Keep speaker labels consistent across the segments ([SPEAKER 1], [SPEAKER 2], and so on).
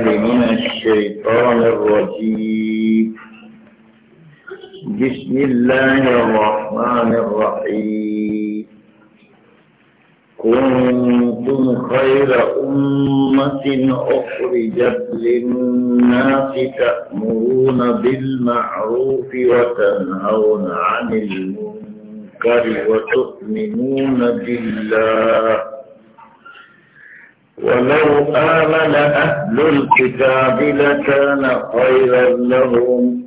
[SPEAKER 1] من الشيطان الرجيم بسم الله الرحمن الرحيم كنتم خير أمة أخرجت للناس تأمرون بالمعروف وتنهون عن المنكر وتؤمنون بالله ولو آمن أهل الكتاب لكان خيرا لهم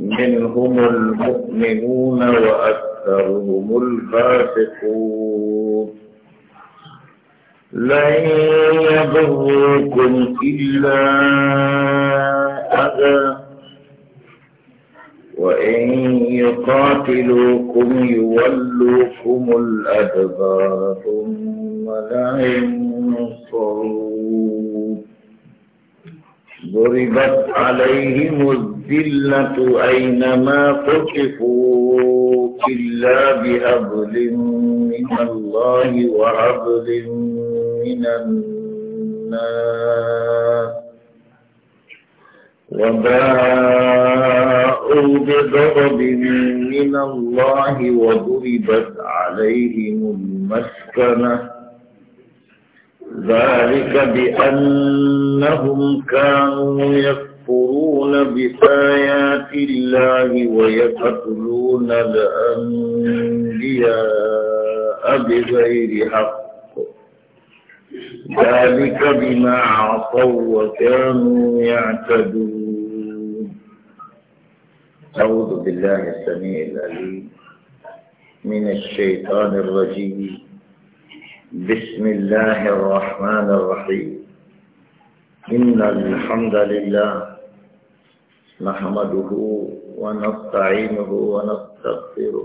[SPEAKER 1] منهم المؤمنون وأكثرهم الفاسقون لن يضروكم إلا أذى وإن يقاتلوكم يولوكم الأدبار ثم لا ينصرون ضربت عليهم الذلة أينما قتفوا إلا بأبل من الله وعبل من الناس وباءوا بغضب من الله وضربت عليهم المسكنة ذلك بأنهم كانوا يكفرون بآيات الله ويقتلون الأنبياء بغير حق ذلك بما عصوا وكانوا يعتدون أعوذ بالله السميع العليم من الشيطان الرجيم بسم الله الرحمن الرحيم إن الحمد لله نحمده ونستعينه ونستغفره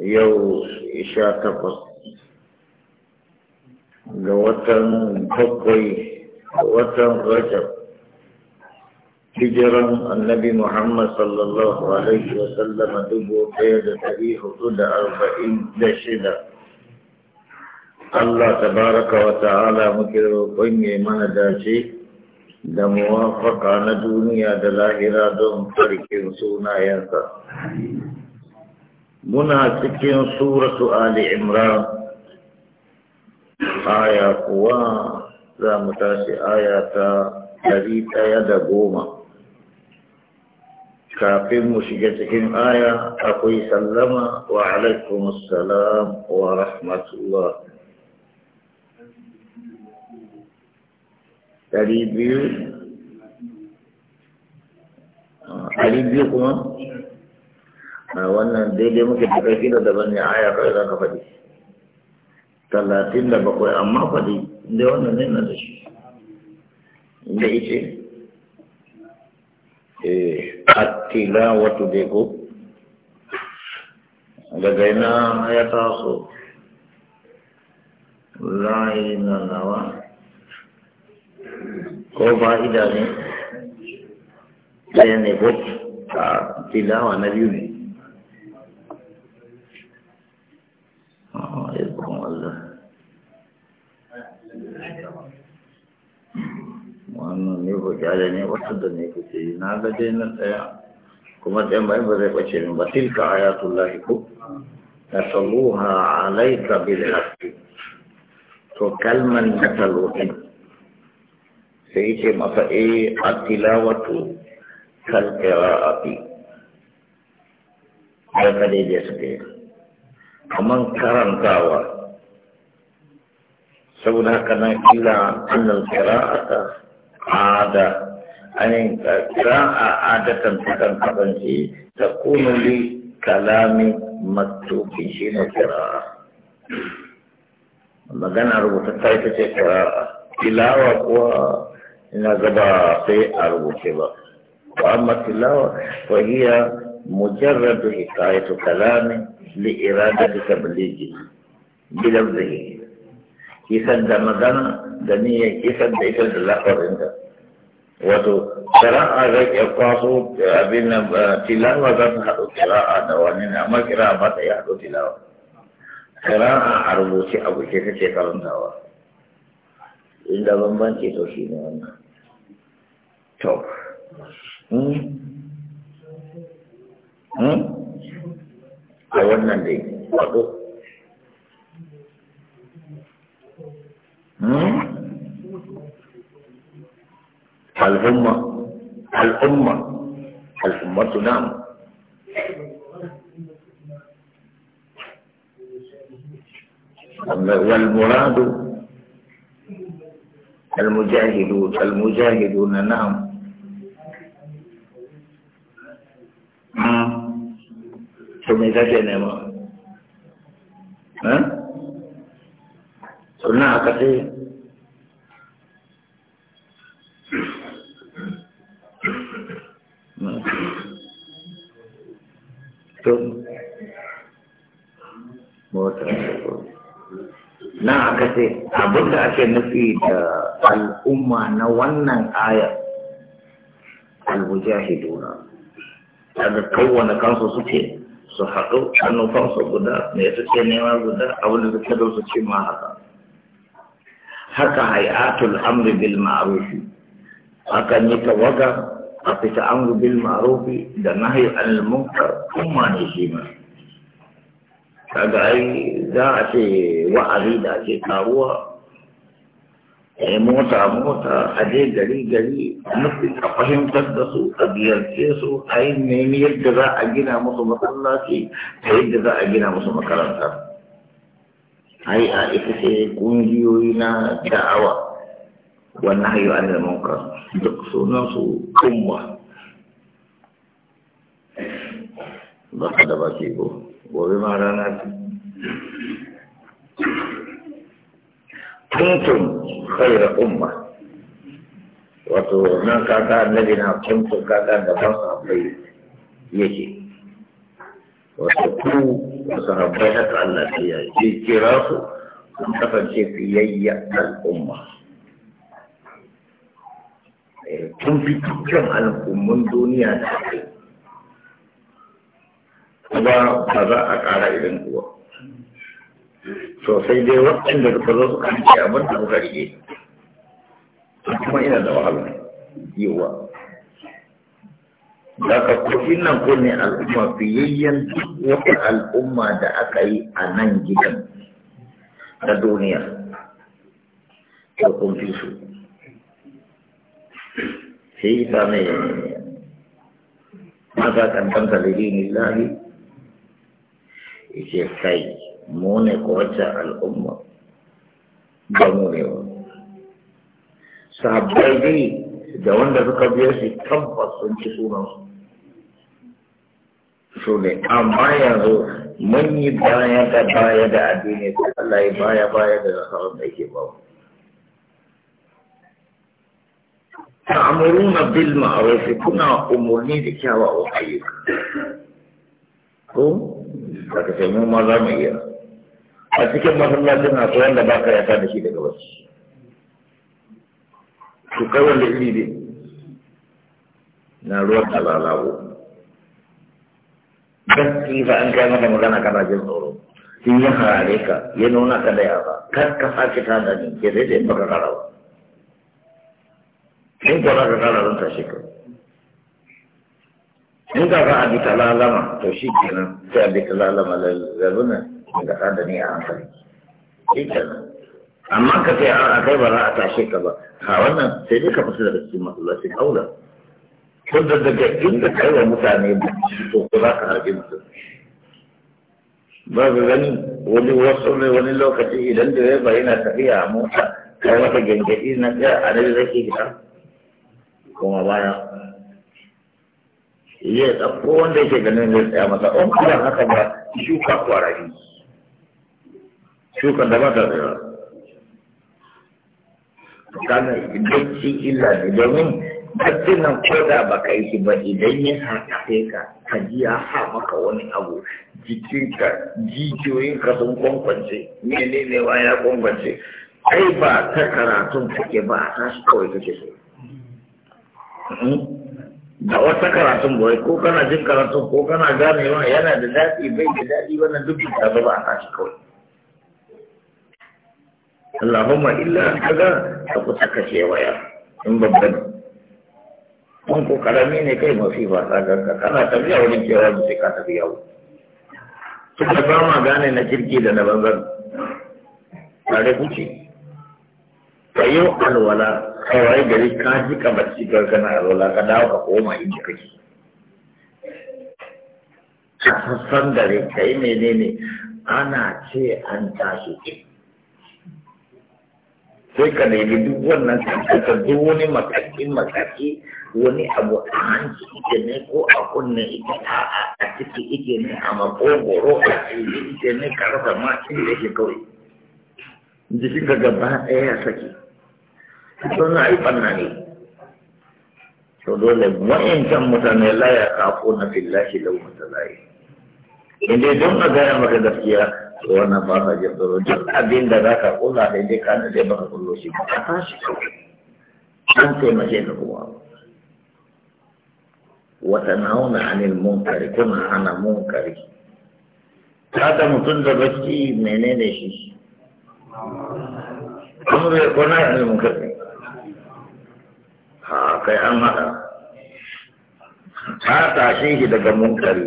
[SPEAKER 1] yau sha takwas ga watan bakwai watan rajab hijiran annabi muhammad sallallahu alaihi wa sallama dubu ɗaya da dari hudu da arba'in da shida Allah tabaraka wa ta'ala muke roƙon ya mana dace da muwafaka na duniya da lahira don farkin sunayensa. muna cikin suratu Ali Imran aya kuwa za mu tashi aya ta ɗari ɗaya da goma kafin mu shiga cikin aya akwai sallama wa alaikum salam wa rahmatullah ɗari biyu ɗari biyu kuma a wannan daidai muke da kai da daban ne aya kai za ka faɗi talatin da bakwai amma faɗi inda wannan ne na da shi inda ice eh attila wato dai ko daga ina ya taso layi na nawa ko fa'ida ne ɗaya ne ko a tilawa na biyu ne ku kyale ne wata da ne kuke yi na ga dai na tsaya kuma ɗayan bayan ba zai ɓace min ba tilka ayatullahi ko nasaluha alaika bil haqqi to kalman nasaluhin sai ce masa eh atilawatu kal qira'ati haka dai da suke kaman karantawa saboda haka nan illa annal qira'ata ada ani qira'a adatan fitan kabanci ta kunu kalami maktubi shi ne qira'a magana rubuta ta ita ce qira'a tilawa ko ina gaba sai a ba wa amma tilawa fa hiya mujarradu hikayatu kalami li iradati tabligi bila zahiri isar da magana da niyan isar da isar da lafarin da wato shara'a zai iya kwaso abin nan tilawa za ta haɗo kira'a da wani ne amma kira'a ba ta yi haɗo tilawa kira'a a rubuce abu ke kake karantawa inda bambanci to shi ne wannan to hmm? Hmm? a wannan dai wato الأمة الأمة الأمة نعم والمراد المجاهدون المجاهدون نعم ثم ذاك ما ها سنة كثير tun mota na aka ce da ake nufi da al'umma na wannan aya al-mujahiduna daga kowane kansu suke su haɗu hannufansu guda mai suke nema guda da suke da su ce ma haka haka hayatul amri bil ma'rufi akan yi tawaga tapi ta'amru bil ma'rufi dan nahi anil munkar umma ne shi ma kaga za a ce wa'azi da ake karuwa, ai mota mota a je gari gari nufi a fahimtar da su a biyarce su a yi nemi yadda za a gina musu masallaci a yadda za a gina musu makaranta ai a ita ce ƙungiyoyi na da'awa والنهي عن المنكر تقصونص قمة لقد بسيبه وبما رانات كنتم خير أمة وتو من كاتا نبينا كنتم كاتا دفن صحبي يجي وتكون وصحبتك على الأشياء في كراسه كنت في يي الأمة tun fi dukkan al'ummun duniya da ake kuma ba za a ƙara irin kuwa sosai dai waɗanda suka zo suka rike a da suka rike kuma ina da wahala yiwa daga kofin nan ko ne al'umma fiyayyen duk wata al'umma da aka yi a nan gidan na duniya ko kun fi su shi yasa ne maka kankanta da dini lahi yace kai mu ne ko wacce al'umma ba mu ne ba sahabbai dai da wanda suka biya shi tabbas sun ci sunansu su amma yanzu mun yi baya da baya da addini ko Allah ya baya baya da nasarar da yake تعمرون بالمعروف كنا أمورني ذكا وأحييك كم؟ فكسمو مظامي أتكا مثلا لنا أقوان لباقا يتاني شيء لك بس شكرا لإليه نروى على الله بس كيف أن كان هذا مكان كان رجل نور في يهاريكا ينونا كذا يا با كذا كذا كذا نين كذا كذا كذا كذا in ko za ka kara don tashi ka
[SPEAKER 2] in ka ga abi ta lalama
[SPEAKER 1] to shi kenan sai abi ta lalama lalzabuna ga ɗan ni a hankali shi kenan amma ka ce a kai ba za a tashe ka ba a wannan sai dai ka fita daga cikin masallaci kaula ko da daga inda kai wa mutane ba to ko za ka harbe mutum ba ga gani wani wasu ne wani lokaci idan da ya bayyana tafiya a mota kai wata gengedi na ga a nan zai ke ah, gida kuma baya iya ɗauko wanda yake ganin zai tsaya masa on oh, kuma haka ba shuka kwarari shuka da ba ta tsaya kana bacci illa ne domin baccin nan ko da ba ka yi shi ba idan ya haɗe ka ka ji ya ha maka wani abu jikinka jijiyoyinka sun kwankwance menene wa ya kwankwance ai ba ta karatun take ba a tashi kawai kake so da hmm? wata karatun bai ko kana jin karatun ko kana ganewa yana da daɗi bai da daɗi wannan duk da ba a tashi kawai Allahumma illa kaga ka kusa kashe waya in babban kun ko karami ne kai mafi ba tsagarka kana tafiya wurin cewa ba sai ka tafi yau da ba ma gane na kirki da na banzan tare kuce ka yi alwala kawai gari ka ji ka bacci gargana alwala ka dawo ka koma inda kake ka sassan dare ka yi menene ana ce an tashi sai ka nemi duk wannan kankanka duk wani makaki makaki wani abu a hanci ike ne ko a kunne ike a a ciki ike ne a makogoro a ciki ike ne ka rasa ma inda yake kawai jikin ka gaba ɗaya ya sake sun na yi ɓanna ne to dole wa'yancan mutane la ya kafo na fillahi laumata layi in dai don a gaya maka gaskiya to wannan ba ka jin tsoro duk abin da za ka kula da dai ka dai baka kullo shi ba ka tashi an taimake ka kuma wata nauna anil munkari kuna hana munkari kada mutum da bacci menene shi kuma bai kuna anil munkari a kai an haɗa ta tashe shi daga munkari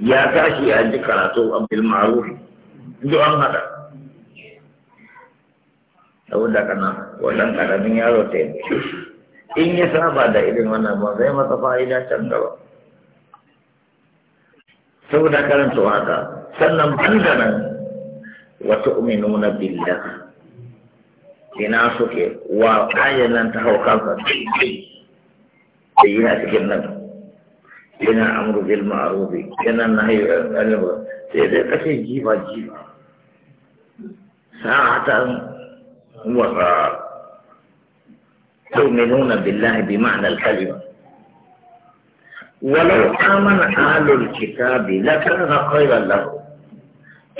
[SPEAKER 1] ya tashi a ji karatu a bilmarufi duk an haɗa da kana wannan karamin yaro ta yi in ya saba da irin wannan ba zai masa fa'ida can gaba saboda karanta haka sannan ban da nan wata na billah ina suke wa ayan nan ta hau kansa da yana cikin nan yana amru bil ma'ruf yana nahi anil sai dai kace jifa jifa sa'atan wa bi بالله بمعنى الكلمة ولو آمن أهل الكتاب لكان خيرا لهم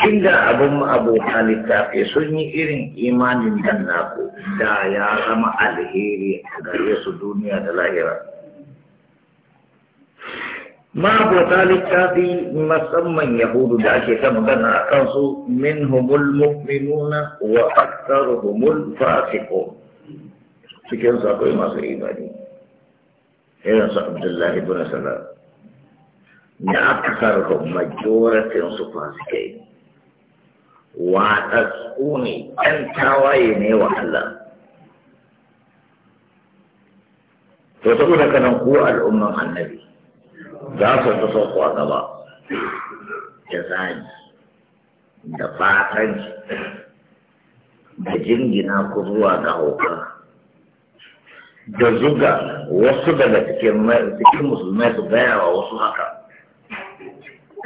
[SPEAKER 1] inda abin abota littafi sun yi irin imanin nan naku da ya zama alheri a gare su duniya da lahira ma'abota fi musamman yahudu da ake ta magana a kansu min humul mu'minuna wa aktar humul fasiko cikin akwai masu imani irin su abdullahi ibn salam da aktar majoratin su fasikai watsatsu ne ɗan tawaye ne wa Allah to saboda kanan ku al'umman annabi za su ta sauko a gaba da zani da fatan da jingina ku zuwa ga hauka da zuga wasu daga cikin musulmai su gaya wa wasu haka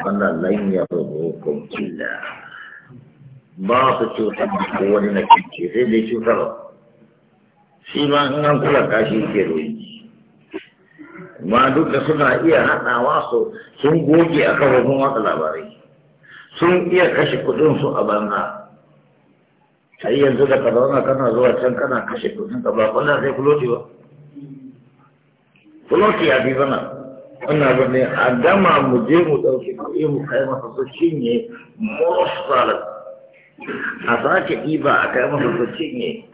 [SPEAKER 1] wannan lan yarzukum illa ba su cutar da wani na kirki sai dai cutarwa shi ma in an kula kashi ke royi ma duk da suna iya haɗawa su sun goge a kafofin wata labarai sun iya kashe kudinsu a banza sai yanzu da kadauna kana zuwa can kana kashe kuɗin ka ba kwallon sai kuloti ba kuloti ya fi zama ana ba ne a gama mu je mu ɗauki kuɗi mu kai masa su shi ne rasu a sake ɗiba a kai masa ne.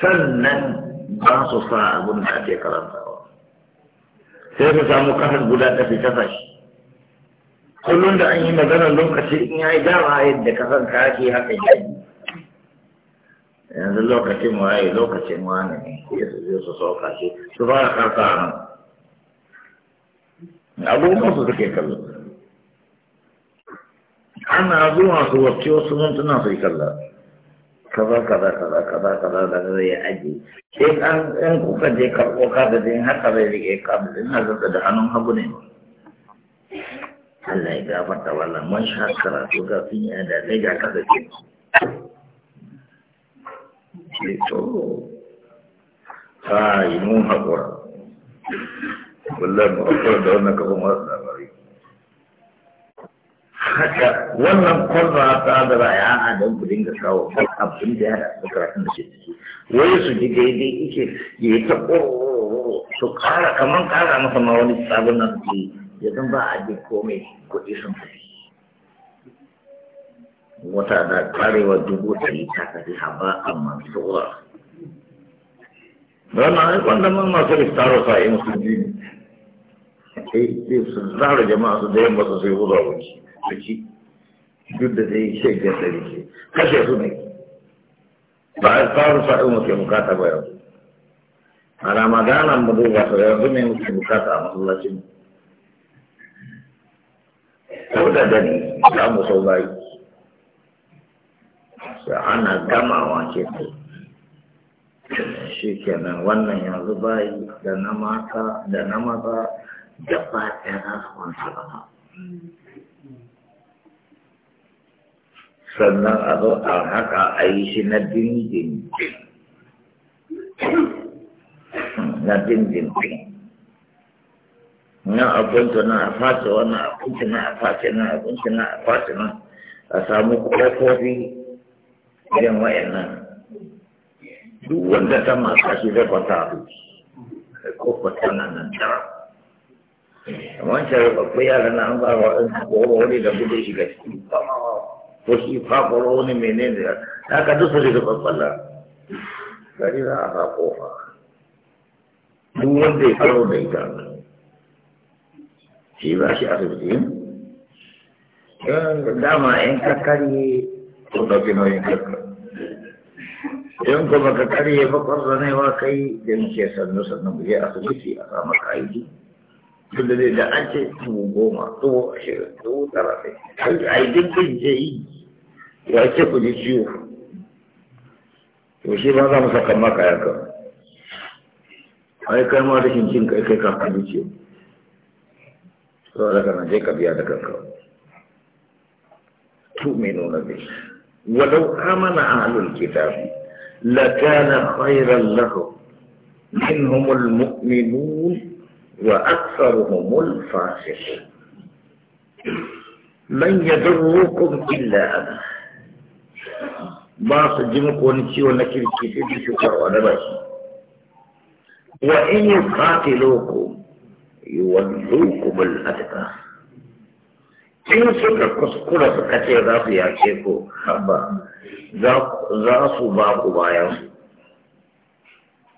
[SPEAKER 1] sannan ba su sa abin da ake karantawa sai su samu kasar guda ta fi kasa shi kullum da an yi magana lokaci in ya yi dama yadda kasan ka ake haka ya yi yanzu lokacin waye lokacin wani ne ya su zai su sauka shi su fara karfa nan abubuwan su suke kallon
[SPEAKER 2] ana zuwa
[SPEAKER 1] su wacce wasu mintuna sai kalla kaza kaza kaza kaza kaza da zai ya aji sai an ɗan kuka je karɓo ka da din haka zai riƙe ka da din haka da hannun hagu ne Allah ya gafarta wallan mun sha karatu ga fiya da zai ga ka da ke to ai mun haƙura wallahi mu haƙura da wannan kafin wasu
[SPEAKER 2] haka wannan kwanza
[SPEAKER 1] ta da ya a don ku dinga kawo abin da ya da karatun da ke ciki wai su ji daidai ike ya yi ta su ƙara kamar ƙara masa ma wani sabon nan ke ya zan ba a ji komai kuɗi sun fi wata da ƙarewa dubu yi ta kaji haɓa amma tsohuwa don na aikon man masu ristaro sa'in su ji ne sai su zara jama'a su da yamma su sai hudu a wuce a duk da zai shi da tsari ce kashe su ne ba a tsawon sa'in muke bukata ba yau a ramadana mu duba su yanzu ne muke bukata a masallacin ko da dani za mu sau bayi sai ana gamawa ce kai shi kenan wannan yanzu bayi da na mata da na maza da ba ɗaya na su kwanta sannan a zo a haka a yi shi na dindin na dindin na abinci na a face wani abinci na a face na abinci na a face na a samu kofofi irin wa'annan duk wanda ta masa shi zai kwata abinci kofofi na nan tara wancan yara na an ba wa ɗan kowar wani da gudu shiga cikin kamawa ko shi fafaro wani menene da haka duk su da babbala gari za a ba kofa duk wanda ya karo da ita shi ba shi asibiti yan dama yan kakari ko ke nauyin kakari yan kuma ka karye bakwarzanewa kai da muke sannu sannu mu je asibiti a samu ka'idi tun da zai da an ce dubu goma dubu ashirin dubu talatin a yi dinkin je yi ya ce ku ji ciwo to shi ba za mu saka maka ya kan ai kai ma rashin cin kai kai kan kan ciwo to da kana je ka biya da kanka tu mai nuna bi walau amana ahlul kitabi lakana khairan lahum minhum almu'minun وأكثرهم الفاسقون من يضركم إلا أنا باص جمك ونسي ونكر كتب شكر ونبس وإن يقاتلوكم يولوكم الأدبار إن سكا كسكولا سكتي غافي يا شيخو أبا ذا ذا صباح وبايا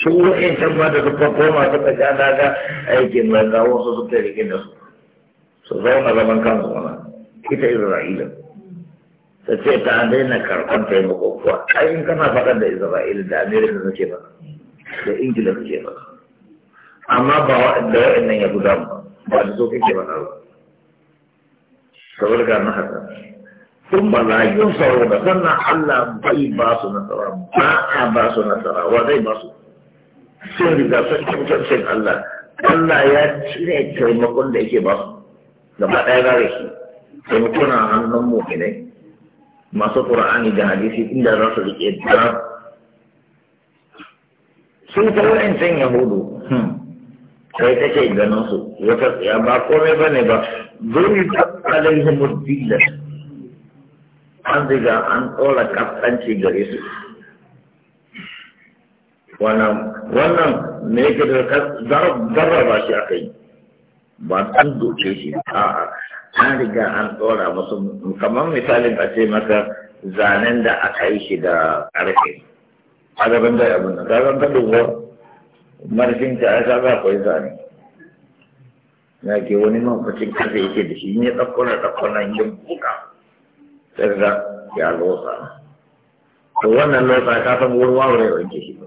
[SPEAKER 1] su wa'in can ba da suka koma suka sha daga aikin banza wasu suka rike da su su zauna zaman kansu mana ita isra'ila ta ce ta daina karɓar taimako kuwa ayin kana faɗar da isra'ila da amerika suke ba da ingila suke ba
[SPEAKER 2] amma ba da wa'annan
[SPEAKER 1] ya guda ba ba da so kake ba ba saboda ga na haka ثم لا ينصرون سنة الله بي باسو نصرا ما باسو نصرا وذي باسو sun riga sun cancancin Allah Allah ya cire taimakon da yake ba gaba ɗaya gare shi taimako na hannun mu'minai masu ƙura'ani da hadisi inda za su riƙe da sun ta wa'ancan yahudu sai hmm. take ganin su wata tsaya ba komai ba ne ba zuri ta alaihimur dillar an riga an tsora kaskanci gare su wannan ne me yake da zarraba shi aka yi ba an doke shi a'a an riga an tsora musu kamar misalin a ce maka zanen da aka yi shi da ƙarfe a gaban da abin da kagan ta dubo marfin ta ya kaga akwai zane na ke wani mafacin kasa yake da shi ne ɗakkuna ɗakkuna yin buka sai ga ya lotsa to wannan lotsa ka san wurin wawure wanke shi ba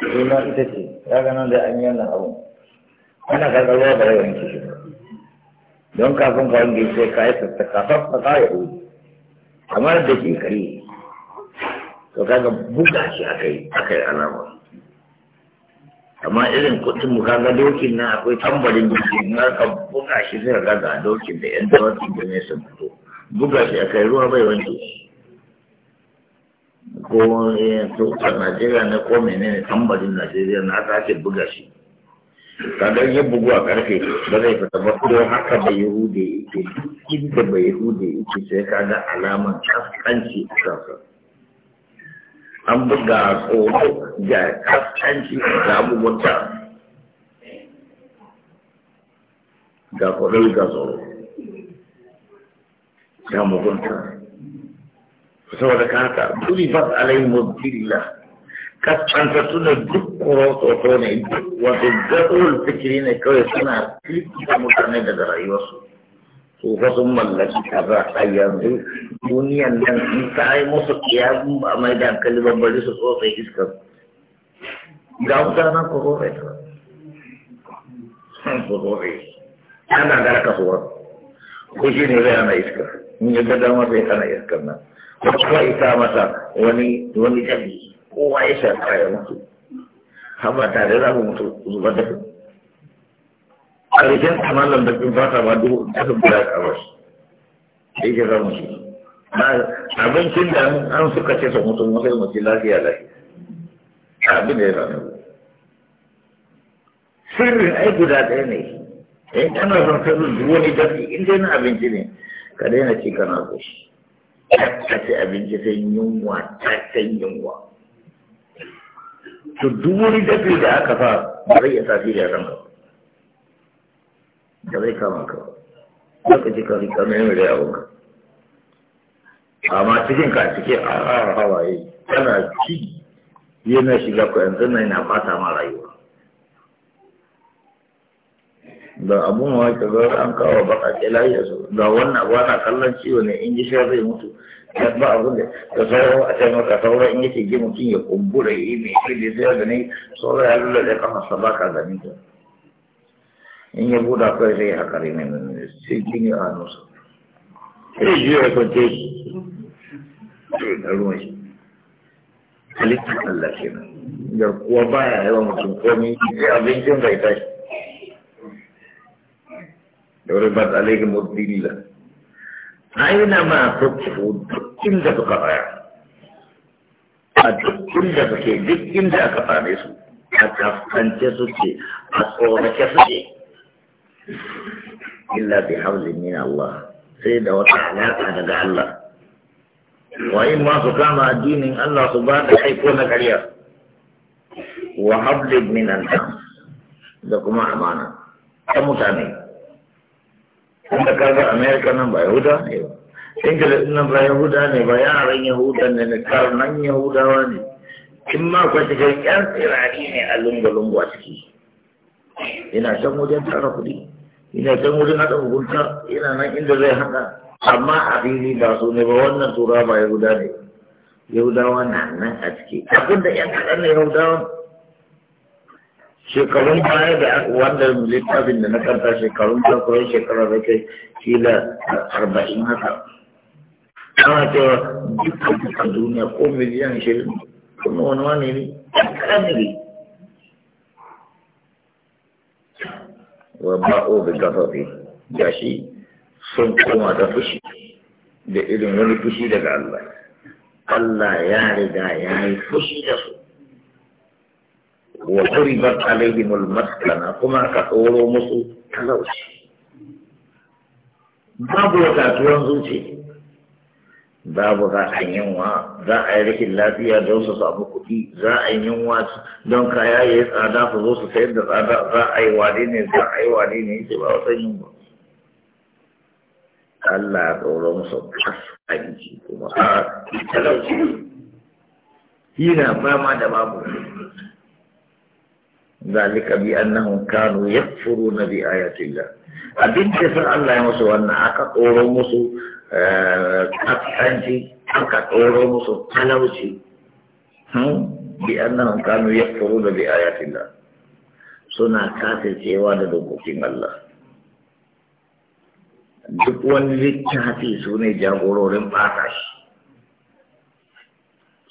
[SPEAKER 1] suna ita ce ya ganin da an yi wannan abu ana karɓar ruwa ba da wanke shi don kafin ka wanda sai ka yi ka kawo ya ɗoyi kamar da ke kare to kaga buga shi aka yi aka yi alama amma irin kuɗin mu kaga dokin nan akwai tambarin jiki in ka buga shi sai ka ga dokin da yan dawakin da mai sun fito buga shi aka yi ruwa bai wanke shi ko eh, tutar najeriya ne ko menene tambarin najeriya na ta ake buga shi kadan yi bugu a karfe ba zai fita ba ko haka bai yahude yake inda bai yahude yake sai kaga alaman kaskanci a kansa an buga a tsoro ga kaskanci da abubuwan ga kwadai ga tsoro ga mugunta سواء كانت ضربت عليهم الظلة كان تصنع جب قرات وطوني وتجدوا الفكرين كوي سنع كيف تمتعني بدر ايوسو سوف ثم الله كفاق ايام دو دنيا نعم نتعي مصر قيام اما اذا كلمة بلس صوت ايس كب جاو تانا كفور ايسا كفور ايسا انا دارك صورت خشيني ذي انا ايس كب من جدا ما بيخانا ايس كب نعم ko kuma ita masa wani wani jami kowa ya shafa ya mutu Haba ba tare za mu mutu zuba da karshen kamalan da kin fata ba duk da sun bula ka wasu yake za mu shi abincin da an suka ce su mutu mutu mutu lafiya lafiya abin da ya zama sirrin ai guda ɗaya ne in eh, kana son sirrin duk wani dafi in dai na abinci ne ka daina ci kana so shi ta ce abinci sai yunwa ta san yunwa to duk wani dafi da aka fa ba zai iya tasiri da kanka da zai kama ka lokaci ka rika mai mai da ka amma cikin ka cike a hawaye kana ci yana shiga ku yanzu na yana fata ma rayuwa da abun wa ka ga an kawo baka ke lafiya su da wannan abu ana kallon ciwo ne in ji sha zai mutu dan ba abun da ka sauro a sai maka sauro in yake ji mutum ya kumbura yi mai kiri sai da ne sauro ya lura da kafa sa baka gani ta in ya buɗa kai sai haka ne mai sai ya a nusa sai ji ya kwance shi da ruwan shi halittar Allah kenan da kuwa baya yawan mutum komai abincin bai tashi ضربت عليهم الذلة أينما تطفوا دكين ده تقطع دكين ده تكي دكين ده قطع نسو أتفقن تسوكي أصور تسوكي إلا بحول من الله سيدة وتعالى أنا الله وإما سكان الدين الله سبحانه حيكون كريم وحبل من الناس ده كما أمانة كمتامين wanda kaga america nan ba yahuda ne ba ingila nan ba yahuda ne ba yaran yahuda ne na karnan yahudawa ne in ma kwa cikin yan tsirari ne a lungu-lungu a ciki ina can wajen tara kuɗi ina can wajen haɗa hukunta ina nan inda zai haɗa amma a fili ba su ne ba wannan tura ba yahuda ne yahudawa na nan a ciki abinda yan kaɗan ne yahudawa shekarun baya da wannan littafin da na karta shekarun farko shekarar da kai da arba'in haka ana cewa dukkan a duniya ko miliyan shirin kuma wani wani ne ne. wa ba'o da gafafi ga shi sun koma da fushi da irin wani fushi daga Allah Allah ya riga ya yi fushi da su wa quribat alaihim al-maskana kuma ka tsoro musu talauci babu wadatuwan zuci babu za a yunwa? za a yi rikin lafiya don su samu kuɗi za a yi yinwa don kaya ya yi tsada su zo su sayar da tsada za a yi wane ne za a yi wane ne ce ba wata ba. Allah ya tsoro musu kasance kuma a talauci yana fama da babu ذلك بأنهم كانوا يكفرون بآيات الله أبين كفر الله يمسو أن أكا أورمسو أكتنجي أكا أورومسو تلوشي بأنهم كانوا يكفرون بآيات الله سنة كافر سيوان دوكوكين الله duk wani littafi su ne jagororin fata shi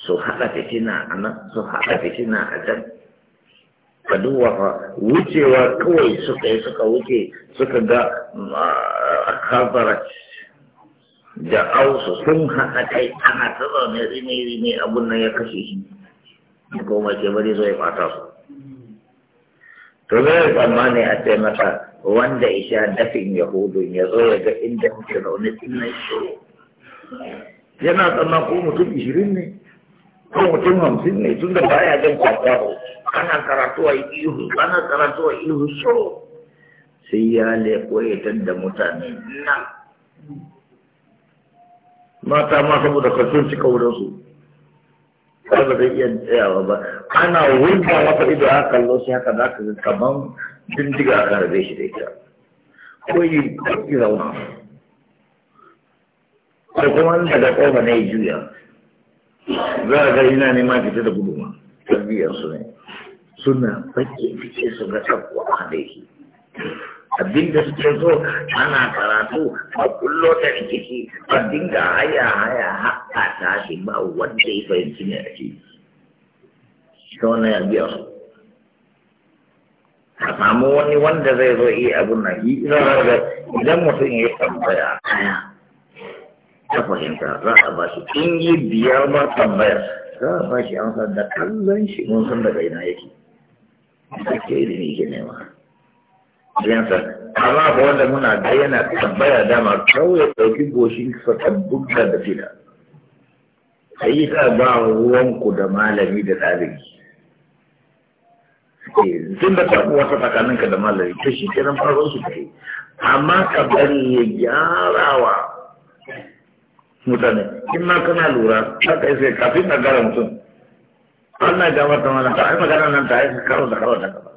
[SPEAKER 1] su haɗa fitina a nan su haɗa fitina a can kaduwa wucewa kawai suka yi suka wuce suka ga kabarat da ausu sun haɗa kai ana ta zaune rime rime abun nan ya kashe shi ya koma ke bari zo ya fata su to zai ne a ce mata wanda isha dafin Yahudu ya zo ya ga inda muke zaune dinnan shi yana tsamma ko mutum ishirin ne ko mutum hamsin ne tun da baya jan kwakwaro ana karatu a ihu ana karatu a ihu so sai ya leko ya tadda mutane nan mata ma saboda kasun cika wurinsu su. ba zai iya tsayawa ba ana wurga masa ido a kallo shi haka za ka ga kaman bindiga a karbe shi da ita ko yi ƙi zauna ko kuma daga ƙofa na ya juya za a ga ina neman fita da guduma tarbiyyarsu ne suna bakin fice su ga a da shi abinda suke so ana karatu a kullo da rikici a dinga haya haya haka ta shi ba wanda ya fahimci ne a shi ta wannan ya biya su a samu wani wanda zai zo iya abin na yi idan mutum ya tambaya haya ta fahimta za a ba shi in yi biyar ba tambaya za a ba shi amsa da kallon shi mun san daga ina yake ake ne ke nema yansa amma ba wanda muna da yana tabbaya dama kawai ɗauki goshi sa tabbata da fila sai sa ba ruwanku da malami da ɗalibi tun da taɓa wata tsakaninka da malami ta shi kenan farkon su yi amma ka bari ya gyarawa mutane in ma kana lura kai sai kafin a gara mutum Allah ga wata mana ta ai magana nan ta yi karo da karo da karo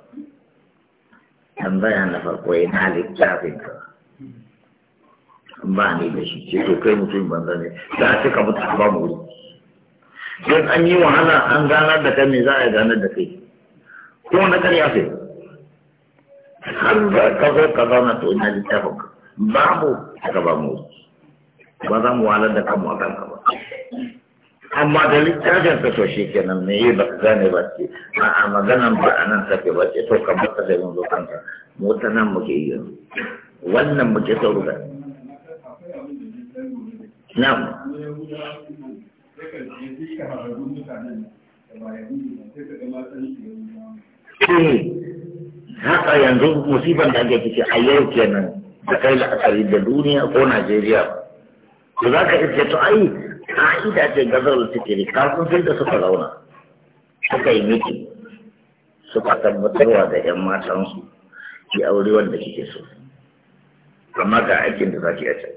[SPEAKER 1] tambaya na farko yana littafin ka ba ni da shi ce to kai mutum banza ne da ce ka mutu ba mu wuri don an yi wahala an ganar da kai me za a ganar da kai ko na karya sai har da ka zo ka zauna to ina littafin ka babu ka ba mu ba za mu wahalar da kanmu a kanka amma da littafin ka to shi kenan me yi ba ka gane ba ce a a maganan ba a nan take ba ce to ka baka da yanzu kanka mu ta nan muke yi yanzu wannan muke sauro da na'am eh,
[SPEAKER 2] haka yanzu musibar
[SPEAKER 1] da ake ciki a yau kenan da kai la'akari da duniya ko Najeriya ba. za ka iske to ai ka'ida ce gazar sikiri kafin sai da suka zauna suka yi miki suka tabbatarwa da 'yan matansu ki aure wanda kike so amma ga aikin da zaki a can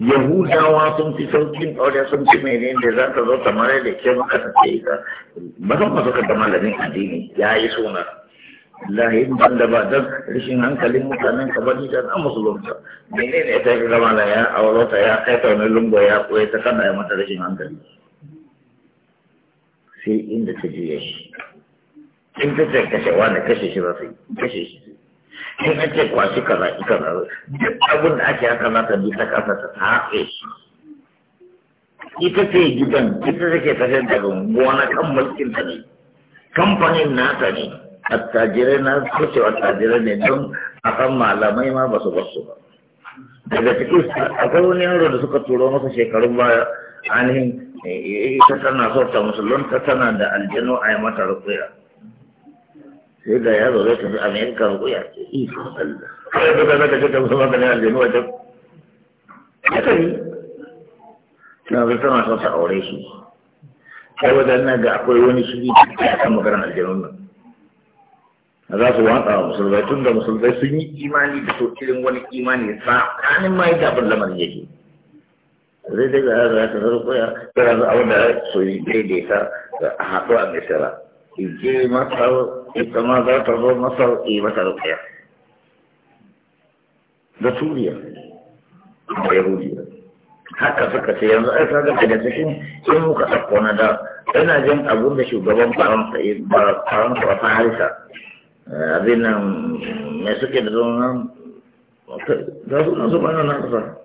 [SPEAKER 1] yahudawa sun fi saukin aure sun fi mai da za ka zo ta da ke maka ta ce ka ba san masu ka da malamin addini ya yi suna lahin ban da ba don rashin hankalin mutanen ka bani da na musulunta mene ne ta yi zama da ya aurota ya kai ta wani lungo ya koya ta kada ya mata rashin hankali sai inda ta juya shi in ta ce kashe wani kashe shi za su kashe shi in an ce kwashi kaza ita na duk abin da ake haka nata bi ta kasa ta haɗe shi ita ce gidan ita ce ke tafiyar da gona kan mulkin ta ne kamfanin nata ne attajirai na kuce attajirai ne don a kan malamai ma ba su basu ba daga ciki akwai wani yaro da suka turo masa shekarun baya ainihin eh, ita tana so ta ta tana da aljanu a yi mata rukuya sai da yaro zai tafi amerika rukuya ce iko allah kawai duka zaka ce ta musulman ganin aljanu a can haka ne na zai tana so ta aure shi kai wajen na ga akwai wani shiri da ya kan maganar aljanu nan za su watsa wa musulmai tun da musulmai sun yi imani da so irin wani imani kanin ma yi dabar lamarin yake zai dai ga yadda ta zara koya tana zuwa abin da so yi daidaita a haɗu a misira ije masar ita ma za ta zo masar yi eh, mata rukuya da turiya da yahudiya haka suka ce yanzu ai ga daga cikin in muka ɗauko na da yana jin abin da shugaban faransa ya faransa a farisa abin nan mai suke da zaunan da su na kasa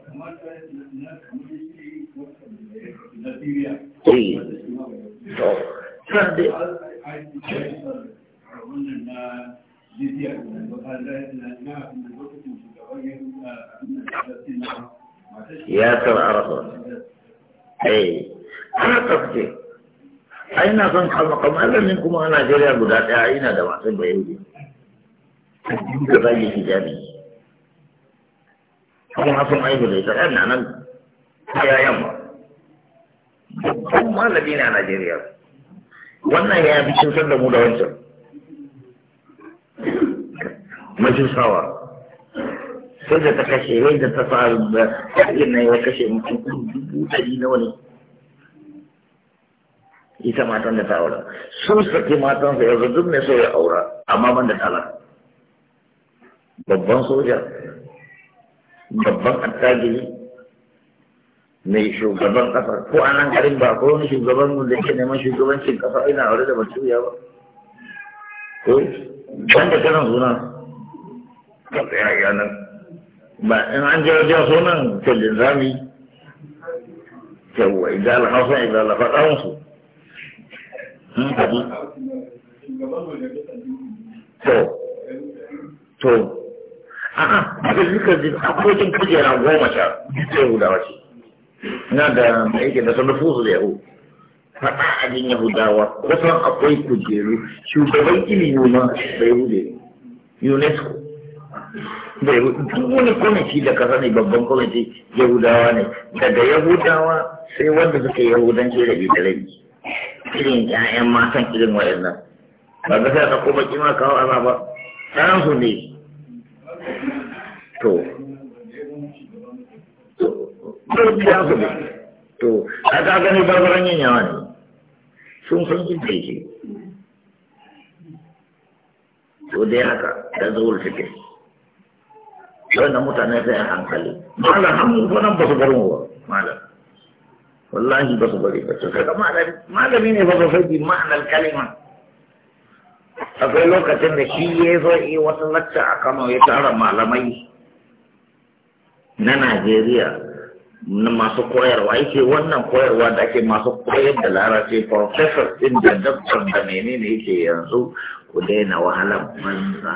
[SPEAKER 2] ya tara arafa
[SPEAKER 1] eh ana kafce ai na son kama kamar min kuma a najeriya guda daya ina da masu bayan da ba yi hijabi kuma sun aihu da ita na nan ya yamma babban malami na Najeriya wannan ya fi san da mu da wancan majusawa sai da ta kashe rai da ta faru da ƙarfin nan ya kashe mutum dubu ɗari na wani ita matan da ta aura sun saki matansa yanzu duk ne so ya aura amma ban da talaka babban soja babban attajiri mai shugaban kasa ko a nan garin ba ko wani shugaban mu da ke neman shugabancin kasa ina aure da ya ba ko da kana suna ka tsaya ya nan ba in an jira jira sunan kyallin zami yawwa idan alhausa idan alfaɗa musu hmm, to to a'a daga duka akwai kujera goma sha duka yahudawa ce na da aiki da sanar fusu da yahu faɗa abin yahudawa kusan akwai kujeru shugaban ilimi ma da yahude unesco da yahudu wani kwamiti da kasa ne babban kwamiti yahudawa ne daga yahudawa sai wanda suka yahudanci da bi rabi irin 'ya'yan matan irin wa'annan ba ga sai ka kuma kima kawo ana ba ɗansu ne
[SPEAKER 2] to ya su
[SPEAKER 1] ne to a ka gani barbaran yin yawa ne sun san jin da yake to dai haka da zuwar suke wannan mutane sai a hankali malam hamu ko nan ba su garin ba malam wallahi ba su bari ba su kaga malami ne ba su fadi ma'anar kalimar akwai lokacin da shi ya zo yi wata lacca a kano ya tara malamai na najeriya na masu koyarwa yake wannan koyarwa da ake masu koyar da larace professor din da doctor da menene yake yanzu ku daina wahalan banza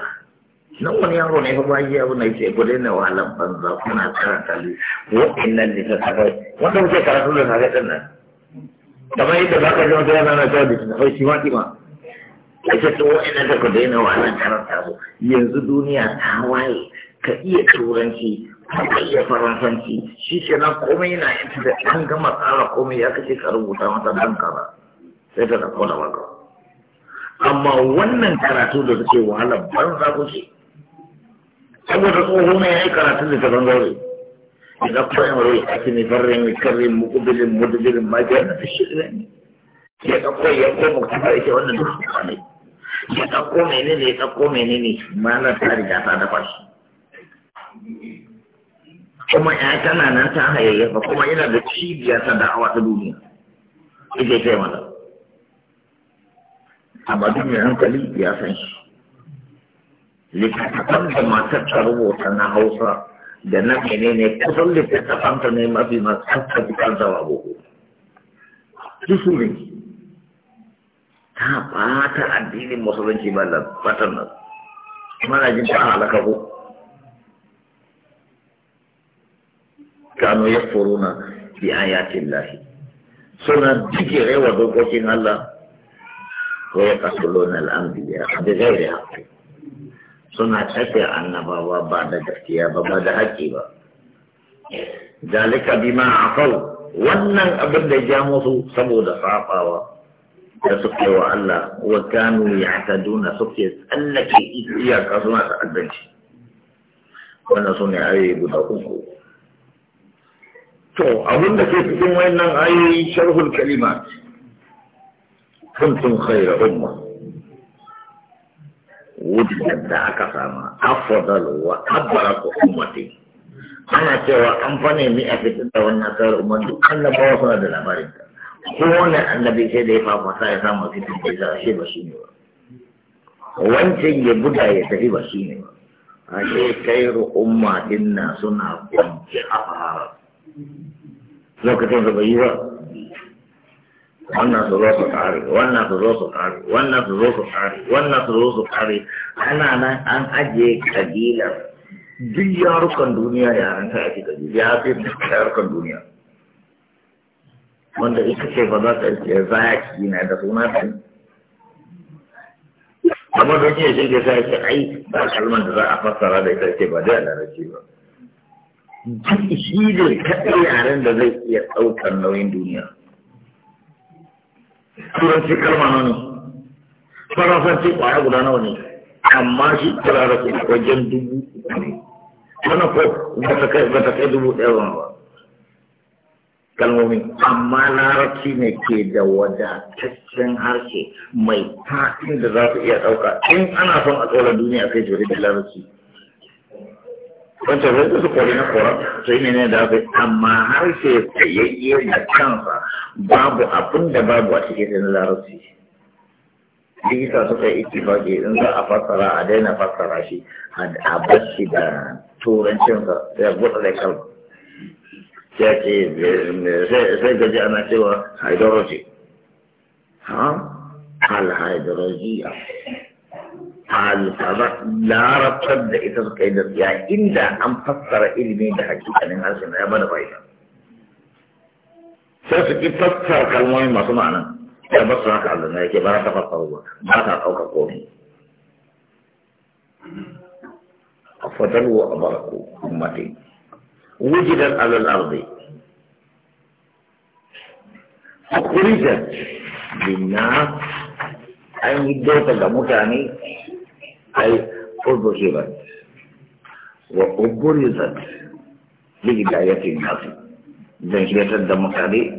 [SPEAKER 1] nan wani yaro ne fa baji abu na yake ku daina wahalan banza kuna karanta li wa'annan littattafai wanda kuke karatu da safe din nan kamar yadda za ka ji wata yana na jawo kai, shi ma
[SPEAKER 2] ake to wa'ina da ku daina wannan
[SPEAKER 1] karanta su yanzu duniya ta waye ka iya turanci ka iya faransanci shi ke nan komai yana yanta da an gama tsara komai ya kace ka rubuta masa dan kaza sai ta dauko da baka
[SPEAKER 2] amma wannan karatu da suke wahala
[SPEAKER 1] ban za ku ce saboda tsoho ne ya yi karatu da ta bangare idan kuma yin rai a cikin farin mikarin mukubilin mudubilin ma ke da shi ne ya ɗauko ya koma kuma ya ce wannan duk ne ya ɗauko mene ne ya ɗauko mene ne malar ta riga ta dafa shi kuma ya tana nan ta hayayyafa kuma yana da cibiyar ta da awa ta duniya ita ce mana amma duk mai hankali ya san shi littattafan da matar ta rubuta na hausa da na menene kusan littattafan ta ne mafi masu hankali kan zawa boko. Duk su ne. ta ɓata addinin musulunci ba labbatan nan mana jin ta halaka ko kano ya furuna bi ayatin lahi suna jike wa dokokin Allah ko ya kasulona al'ambiya da gairi haƙi suna tafiya annabawa ba da gaskiya ba ba da haƙi ba ذلك بما عقلوا wannan abin da ya musu saboda safawa سقيا والله وكانوا يعتدون سقيا أنك إياك أصنع البنج وأنا صنع أي بطاقوك تو أهند كيف تكون وإن أي شرف الكلمات كنتم خير أمة وجدت دعك سامة أفضل وأبرك أمتي أنا تيوى أنفني مئة كتابة ونسار أمتي أنا بوصنا دلابارك ko wannan annabi sai da ya sa ya samu fitin da za shi ba shi ne ba wancan ya buda ya tafi ba shi ne ba a ce kairu umma dinna suna kwanci a fara lokacin da bai yi ba wannan su zo su kare wannan su zo su kare wannan su zo su kare wannan su zo su kare ana nan an ajiye kabilar duk yarukan duniya yaran ta ake kabilar ya fi yarukan duniya wanda ita ce ba za ta ce zaki na da suna ta amma da ke shi ke sa ya ce ai ba kalmar da za a fassara da ita ce ba dai a larabci ba duk shi ne kaɗai yaren da zai iya ɗaukar nauyin duniya
[SPEAKER 2] turanci kalma
[SPEAKER 1] na ne faransanci ƙwaya guda nawa ne amma shi turarci wajen dubu ne
[SPEAKER 2] wannan ko ba
[SPEAKER 1] ta kai dubu ɗaya ba kalmomi amma larabci ne ke da wadataccen harshe mai takin da za su iya ɗauka in ana son a tsoron duniya kai jure da larabci
[SPEAKER 2] wancan zai su kori na kora sai ne ne da su amma harshe
[SPEAKER 1] tsayayye da kansa babu abin da babu a cikin sai na larabci likita suka yi baki in za a fassara a daina fassara shi a bashi da turancinsa da gutsa da kalma سيأتي سيأتي أما سوى هيدروجي ها الهيدروجية قال فبق لا رب صد إذا كيد يعني إلا أن فسر علمي بحقيقة من هذا ما يبدو بعيدا سيأتي فسر كلمه ما سمعنا يا بس راك على الله يكي برا تفسر الله ما تعقوك قومي أفضل وأبركو أمتي وجدت على الأرض أخرجت للناس أي مدوتا كمتاني أي أبرزت وأبرزت لهداية الناس إذا هي تدمت عليه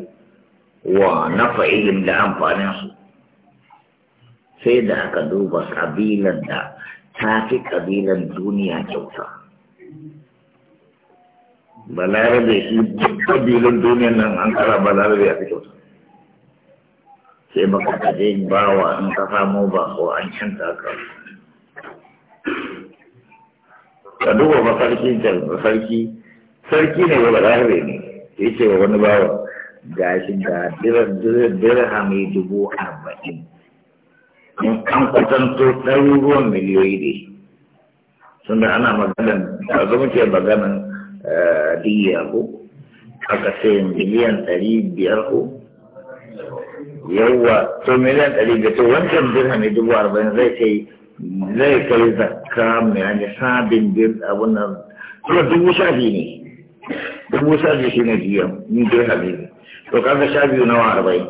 [SPEAKER 1] ونفعهم لأنفعهم سيدا كدوبا قبيلا تاتي قبيلا دنيا جوثا balarabe shi duk kabilun duniyan nan an kara balarabe a kyauta sai baka ba bawa an ka samu ba ko an canta ka ka duba ba sarki sarki sarki ne ba balarabe ne ya ce wa wani bawa shi ga dirhami dubu arba'in in kan kwatanto ɗaruruwan miliyoyi ne sun da ana maganan a zama ke maganan diya ko aka ce miliyan ɗari biyar ko yawwa to miliyan ɗari biyar to wancan dirhami dubu arba'in zai kai zai kai zakka mai nisabin bir abun nan kuma dubu sha biyu ne dubu sha biyu shi ne diya ni dirhami ne to kaga sha biyu nawa arba'in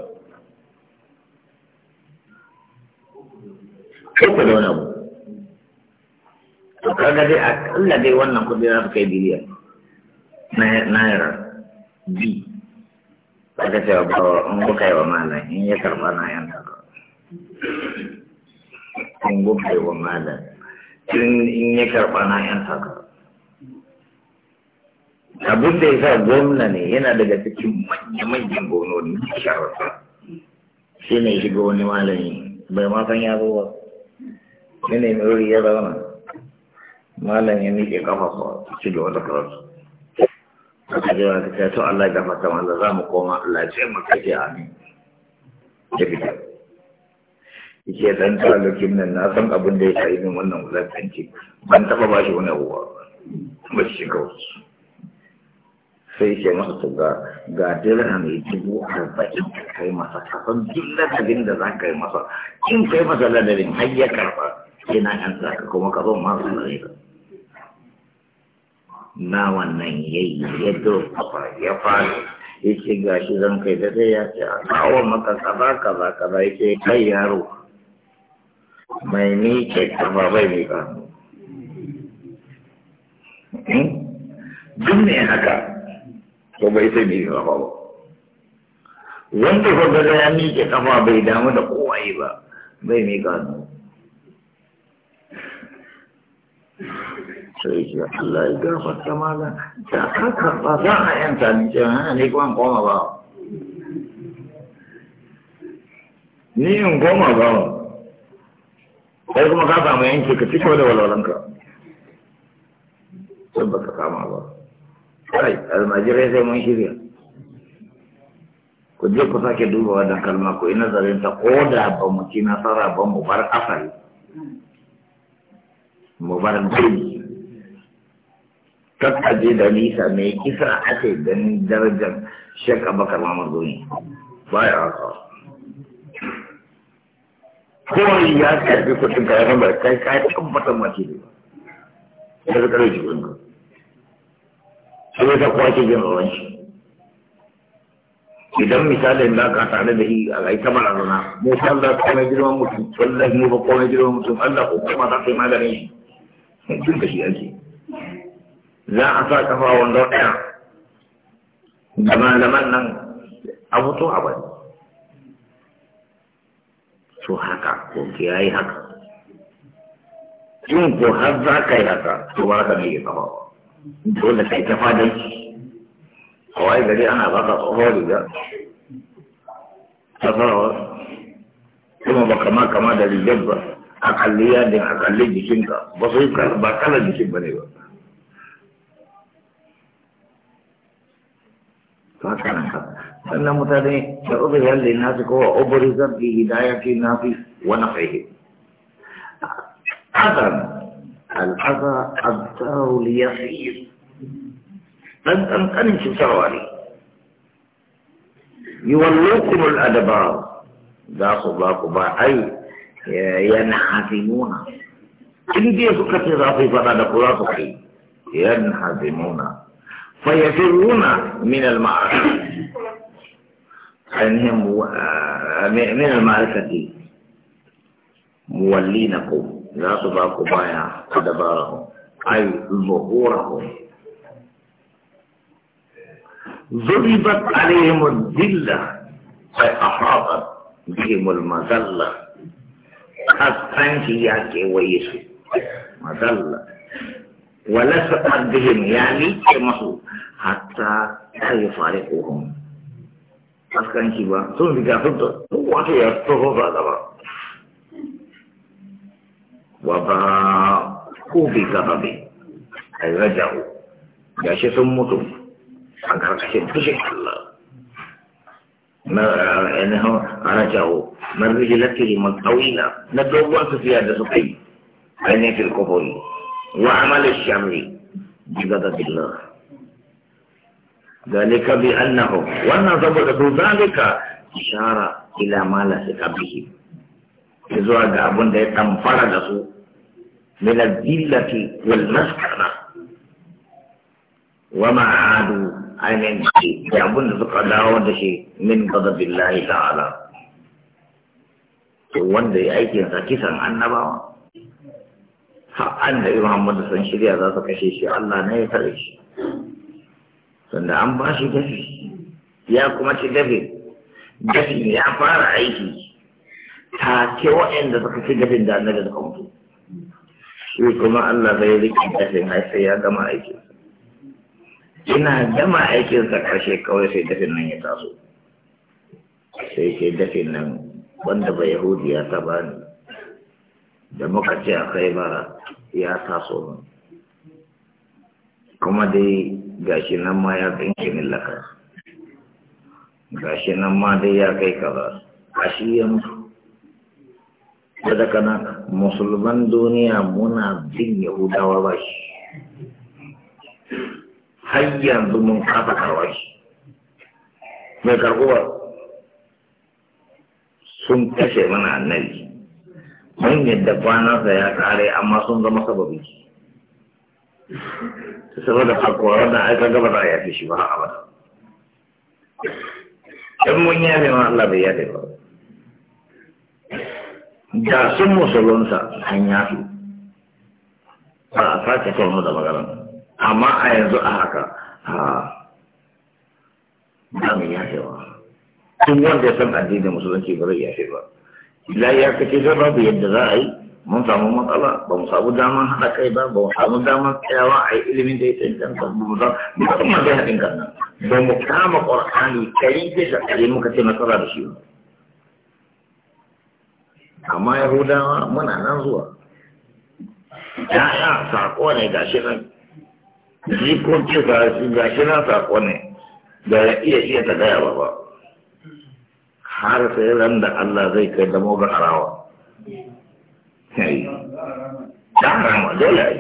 [SPEAKER 1] uku da wani abu to kaga dai akalla dai wannan kudi za su kai biliyan naira b daga cewa ba in buka yi wa malam in ya karba na yan taka in buka yi wa malam in ya karba na yan taka abin da ya sa gwamna ne yana daga cikin manya-manyan gononi na shawarsa shi ne shiga wani malami bai ma san ya zo ba shi ne mai wuri ya zauna malam ya nike kafa su ci wata karatu Suka je wani kai to Allah ya gafarta wanda za mu koma Allah ce mu kake amin. Ya fita. Ike dan talukin nan na san abin da ya shayi min wannan wulakanci. Ban taɓa ba shi wani abuwa. Ba shi kawai. Sai ke masu to ga ga dirham ya dubu arba'in ka kai masa kafin duk ladabin da za ka yi masa. In kai masa ladabin har ya karɓa. Ina an ka kuma ka zo ma su ne nawan nan ya yadda ya ya faɗi ya ga shi zan kai da zai ya ce a kawo maka kaza kaza kaza yake ce kai yaro mai ni ke kafa bai mai kanu hmm? duk ne haka to bai sai mai kafa ba wanda ko ga ya miƙe kafa bai damu da kowaye ba bai mai kanu sai shi Allah ya gafarta mala da ka karɓa za a yanta ni ce hana ne kuma koma ba ni in koma ba kai kuma ka samu yanki ka cike da walwalanka sun ba ka kama ba kai almajirai sai mun shirya ku je ku sake duba wannan kalma ku yi nazarin ta ko da ba mu ci nasara ba mu bar asali mu bar gurbi kakkaje da nisa mai kisa ake ganin darajar shekka bakar mamadu ne baya haka kawai ya karfi kudin ka ya san bai kai ka tabbatar mace ne ya zai karfi kudin ka sai ta kwace jin rawan shi idan misali da ka tare da shi a kai ta barazana mu san da ta na girman mutum wallahi mu ba ko na girman mutum Allah ko kuma ta sai maganin shi tun da shi ake za a sa kafa wando ɗaya da malaman nan a fito a wani. su haka ko ki yayi haka in ko har za ka yi haka to ba ka mai kafa dole kai ta fadar a waye gari ana ka tsohon riga ta farawa kuma ba kama kama da rigar ba a din akalli a jikinka ba su yi ba kala jikin ba ne ba فأنا متعلم فأضيها للناس هو أبرز في هداية الناس ونفعه أذى الأذى أبتار ليصير فأنت أنتنش سوالي يولوكم الأدبار ذاك الله أي ينحزمون إن دي سكتي ذاتي فأنا فيفرون من المعرفة يعني أنهم من المعرفة مولينكم لا تضاقوا بايع أدبارهم أي ظهورهم ضربت عليهم الذلة أي أحاطت بهم المذلة قد تنشي ياكي ويسو مذلة wala sa'adihim ya miƙe masu hatta ya yi fare kohon fuskanci ba sun riga sun ta wato ya taho ba gaba wa ba ko bi gaba bi a yi rajahu ya shi sun mutu a karkashin fushin Allah na ainihin a rajahu na rijilatihim al-tawila na dogon tafiya da suka yi ainihin filkofoli وعمل الشامي بغض الله ذلك بانه وانا ثبت ذلك اشاره الى ما لا شك به يزوى دابون دي تنفر لسو من الذلة والمسكنة وما عادوا أين انتشي يابون دفق دعوة دشي من قضب الله تعالى وان دي ايتي انتا عن نباوة har annabi Muhammadu sun shirya za su kashe shi Allah na ya tare shi Sanda an ba shi dafi ya kuma ci dafi dafi ya fara aiki ta ke waɗanda suka ci dafin da annabi da mutu shi kuma Allah zai riƙe dafin har sai ya gama aikin ina gama aikinsa ƙarshe kawai sai dafin nan ya taso sai ke dafin nan wanda ba yahudiya ta bani da muka ce a kai bara ya taso mu kuma dai gashi nan ma ya kai kinin laka gashi nan ma dai ya kai kaza gashi ya mutu da kana musulman duniya muna bin yahudawa ba shi har yanzu mun kafa karwa shi mai karbuwa sun kashe mana annabi mun yadda kwanansa ya kare amma sun zama sababi saboda hakoran da aika gaba da ya fi shi ba a abada in mun ne ma Allah bai ya ba da sun musulunsa an yafe ba a sake tono da magana amma a yanzu a haka a ba mu ba. duk wanda ya san addinin musulunci ba zai yafe ba illa ya kace da babu yadda za a yi mun samu matsala ba mu samu daman haɗa kai ba ba mu samu daman tsayawa a yi ilimin da ya cancanta ba mu samu musamman zai haɗin kan nan ba mu kama ƙwarƙani ɗari bisa ɗari muka ce nasara da shi ba amma yahudawa muna nan zuwa ya'ya saƙo ne ga shi nan jikokin ga shi nan saƙo ne da ya iya iya ta gaya ba ba har sai ran da Allah zai kai da mogar arawa dan rama dole ai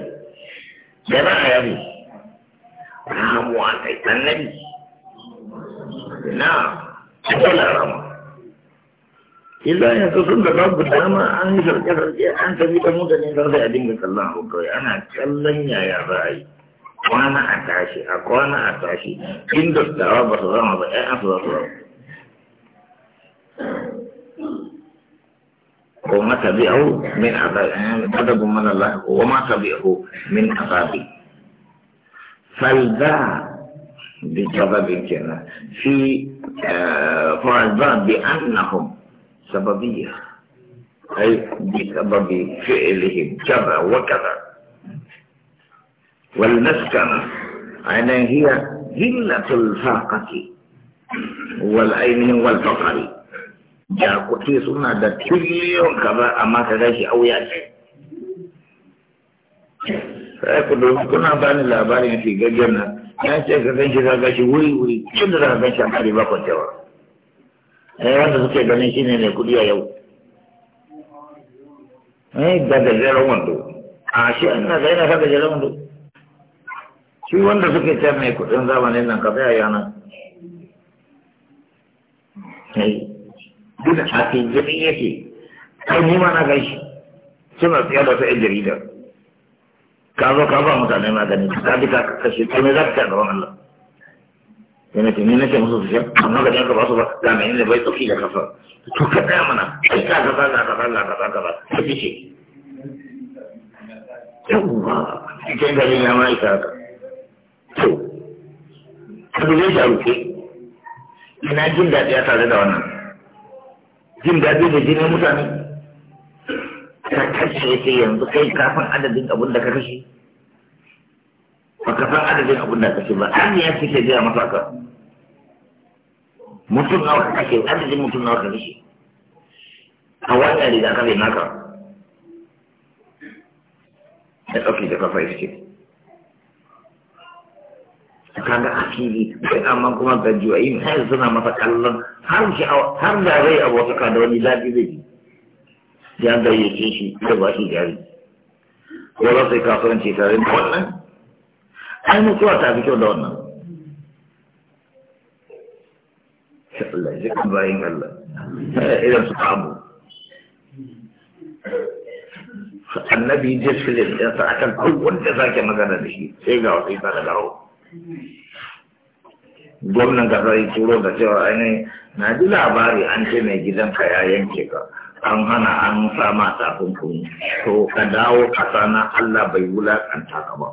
[SPEAKER 1] yana ayabi ramuwa kai annabi na a dole rama idan yanzu sun da babu dama an yi sarke-sarke an tafi da mutane zan su a dinga kallon hukai ana kallon yaya za a yi kwana a tashi a kwana a tashi inda dawa ba su zama ba 'ya'yansu za su zama وما تبعه من أدب من الله وما تبعه من أبابي فالباء بسبب الجنة في آه، فالباء بأنهم سببية أي بسبب فعلهم كذا وكذا والمسكنة أنا هي ذلة الفاقة والأين والفقر da suna da tiliyon kaza amma ka gashi auya ce sai ku domin kuna ba ni labarin ya gaggar na. ya ce ka ganshi ka gashi wuri wuri cin da ka ganshi a kare ba kwancewa eh wanda suke ganin shi ne mai kudi a yau eh da gajeren wando a shi an na zai na ka gajeren wando shi wanda suke ce mai kudin zamanin nan ka tsaya yana eh. duka tafi jirgin yake kai ni ma na gaishe suna tsaye da ta yan jaridar ka zo ka ba mutane gani ka bi ka kashe kai me za ka gaban Allah yana ce ni nake musu fiye amma ga ɗanka ba su ba ga mai ne bai tsoki da kafa to ka ɗaya mana ai ka kaza ga kaza ga kaza kaza ka fice yawwa cikin gari na ma ita haka to ka dole shi a rufe ina jin daɗi a tare da wannan jin daɗi da jinin mutane ka kashe sai yanzu kai kafin adadin abin da ka kashe ka san adadin abin da ka kashe ba an ya ce ke gaya masa ka mutum nawa ka kashe adadin mutum nawa ka kashe a wannan rigakafi naka da ɗauki da kafa iske kaga asiri sai amma kuma ga juwayin har suna masa kallon har sha'awa har da rai abota da wani zafi zai ji ya gayyace shi da ba shi jari ko za su yi kasuwanci tare da wannan ai mutuwa ta fi kyau da wannan Allah ya kan bayin Allah irin su abu annabi disfilin ɗinsa akan duk wanda zake magana da shi sai ga wasu ita da garau gwamnan gasar yi turo da cewa ainihin na ji labari an ce mai gidanka ya yanke ka an hana an sa ma takunkumi to ka dawo kasa na Allah bai wulakanta ka ba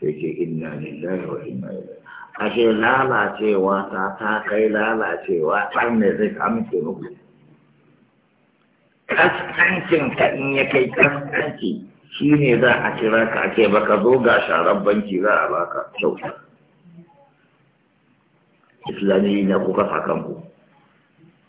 [SPEAKER 1] sai ke inna lillahi wa inna ilaihi ashe lalacewa ta ta kai lalacewa ɗan ne zai amince muku kaskancin ka in ya kai kaskanci shi ne za a kira ka ake baka zo ga sharar banki za a baka kyauta islami na kuka ku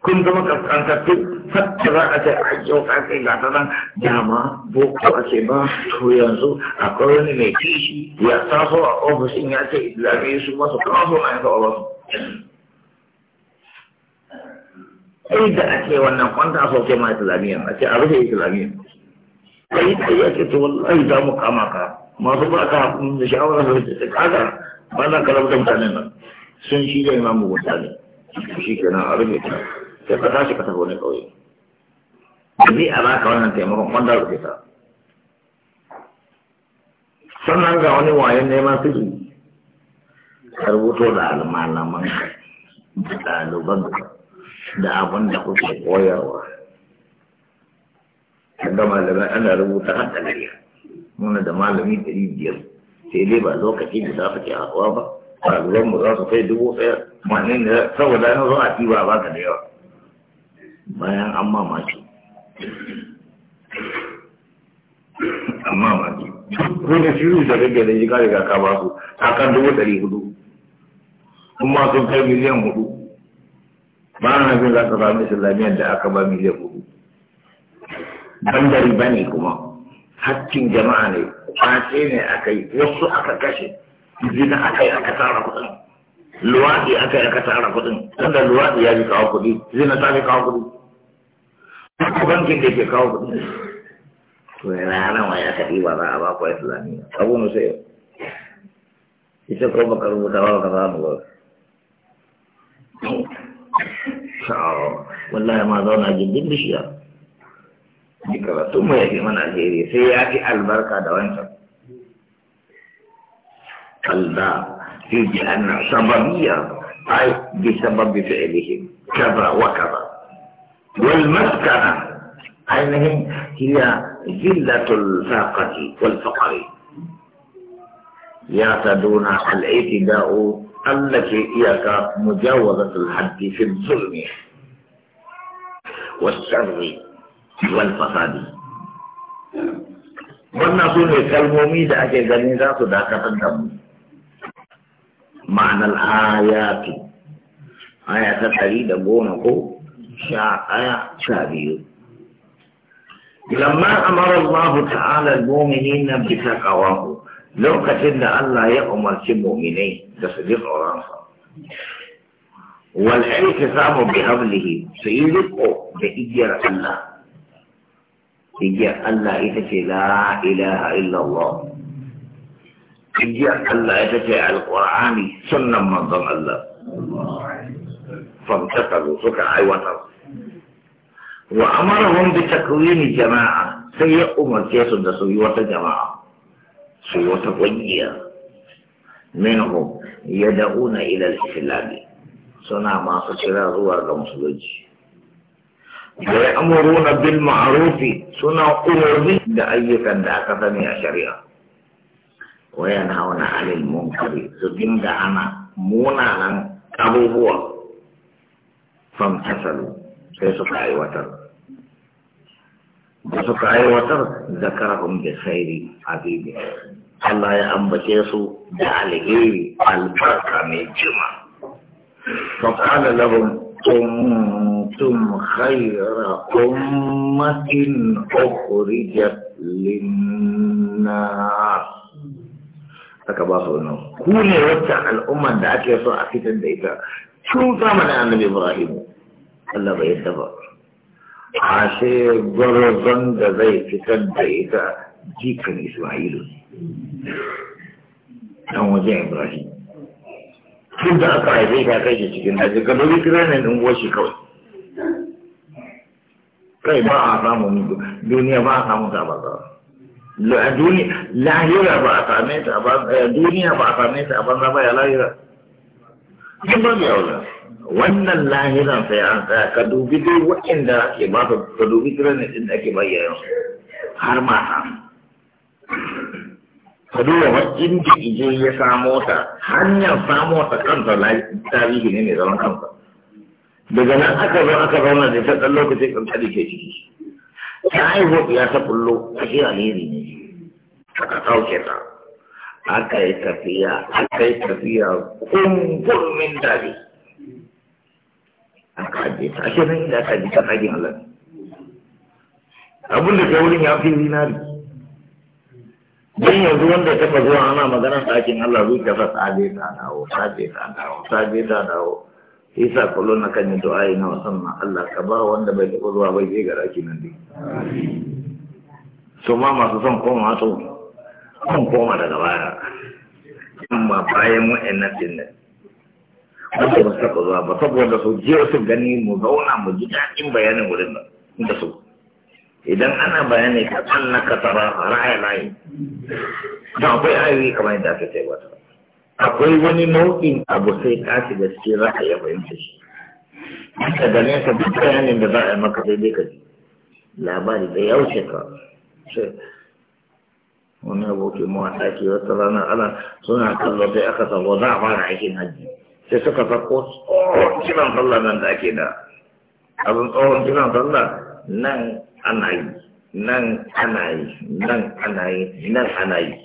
[SPEAKER 1] kun zama kaskantattu hatta za a ce a kyauta kai ga ta nan dama boko a ce ba to yanzu akwai wani mai kishi ya taso a ofishin ya ce islami su masu kaso na yanzu a wasu sai da ake wannan kwanta a sauke ma islamiyyar a ce a rufe islamiyyar kai da ya ce to wallahi za mu kama ka masu ba ka da shawara da ta kada ba na da mutanen nan sun shi da imamu mutane shi kenan a rufe ta sai ka tashi ka tafi wani ƙauye Ni a ka wannan taimakon wanda rufe ta sannan ga wani wayan neman sirri ka rubuto da almalaman da ɗaliban da abin da kuke koyarwa kaga malamai ana rubuta har da riya muna da malami ɗari biyar sai dai ba lokaci da za ka ke hawa ba ɗaliban mu za su kai dubu ɗaya manin da saboda yanzu zo a ɗiba ba ka da yawa bayan an mamaki an mamaki ko da shiru da kake da shi kare ka ba su kakan dubu ɗari hudu kuma sun kai miliyan hudu ba na jin za ka samu islamiyyar da aka ba miliyan hudu banda riba ne kuma hakkin jama'a ne kwace ne aka yi wasu aka kashe zina aka yi aka tara kuɗin luwaɗi aka yi aka tara kuɗin tunda luwaɗi ya fi kawo kuɗi zina ta fi kawo kuɗi haka bankin da ke kawo kuɗi to ranar wa ya kaɗi ba za a ba ku islamiyya abu sai ita ko baka rubuta ba ka samu ba wallahi ma zauna gindin bishiya ni karatu mu yake mana alheri sai ya fi albarka da wancan kalda fi ji anna sababiyya ai bi sababi fi'lihim kaza wa kaza wal maskana ainihin hiya zillatul faqati wal faqri يعتدون الاعتداء التي إياك مجاوزة الحد في الظلم والشر fasadi. wannan su ne kalmomi da ake ganin za su dakatar da mu ma'anar ayatu aya ta da goma ko sha ɗaya sha biyu lamma amara allahu ta'ala al-mu'minina bi taqwahu lokacin da Allah ya umarci mu'minai da su ji tsoronsa wal mu bi hablihi su yi riko da igiyar Allah igiyar Allah ita ce la ilaha illallah igiyar Allah ita ce alƙur'ani sunnan manzon Allah famtaka zo suka aiwatar wa amarahum bi takwini jama'a sai ya umarce su da su yi wata jama'a su yi wata ƙungiya minhum yad'una ila al-islam suna masu kira zuwa ga musulunci ويأمرون بالمعروف سنة أمرني لأيك دعك فني شريعة وينهون عن المنكر سجن دعنا مونا أبو هو فامتثلوا سيسوك أيوتر سيسوك وتر ذكرهم بخير عظيم الله يأمبتيسوا دعالي البركة من الجمع فقال لهم كنتم خير أمة أخرجت للناس أكبر نو كوني وسع الأمة دعك يسوع في تنديتا شو زمن النبي إبراهيم الله بيدبر عشي برزن دزي في تنديتا جيكن إسماعيل نو نعم، وزع إبراهيم tun da aka haife ka kai shi cikin daji ka dobi kiranin in goshi kawai kai ba a samu duniya ba a samu ta ba lahira ba a same ta ba eh, duniya ba a same ta ba ba ya lahira duk ba mai aula wannan lahiran sai an tsaya ka dubi duk waɗanda ake ba ka dubi kiranin ɗin da ake bayyana har ma mata ka duba wajen da ije ya samo ta hanyar samo ta kanta tarihi ne mai zaman kansa
[SPEAKER 2] daga nan aka zo aka zauna da
[SPEAKER 1] ta ɗan lokaci ƙanta da ke ciki ta haihu ya ta bullo a shi alheri ne aka ɗauke ta aka yi tafiya aka yi tafiya kumbulmin dare aka ajiye ta ashe nan inda aka ajiye ta ɗagin Allah abin da ke wurin ya fi zinari don yanzu wanda ta taɓa zuwa ana maganar ɗakin Allah zuciya sa ta ajiye ta dawo ta ajiye ta dawo ta ajiye ta dawo isa kullum na kan yi du'a na musamman Allah ka ba wanda bai taɓa zuwa bai je gara ki nan dai su ma masu son koma su son koma daga baya amma bayan wa'annan din nan wanda ba su taɓa zuwa ba saboda su je su gani mu zauna mu ji daɗin bayanin wurin nan da su idan ana bayani ka ka tara ra'ayi layi da akwai ayoyi kamar yadda aka ce wata akwai wani nau'in abu sai ka shiga cikin ra'ayi fahimta shi haka da nesa duk bayanin da za a yi maka sai dai ka ji labari da ya wuce ka wani abokin mawata ke wata rana ana suna kallon sai aka sabo za a fara aikin hajji sai suka sako tsohon kiran sallah nan da ake da abin tsohon kiran sallah nan ana yi nan ana yi nan ana yi nan ana yi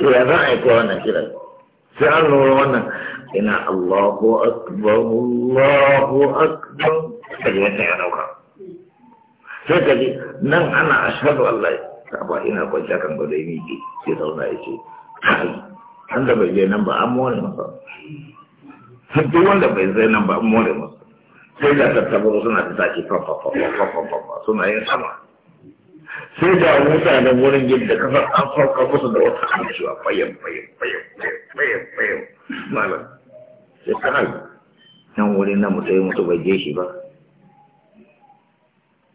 [SPEAKER 1] to ya za a yi kowa wannan kiran sai an lura wannan ina Allahu akbar Allahu akbar sai ya ya dauka sai ka ji nan ana ashadu Allah ta ba ina kwanciya kan gado yi ke sai zauna ya ce kai an da bai zai nan ba an more masa duk wanda bai zai nan ba an more masa sai da tattabar suna ta sake fafafafafafafa sai da da wurin yadda kasar an farka musu da wata amincewa bayan bayan bayan bayan bayan. malam sai kanal nan wurin na mutu mutu bai je shi ba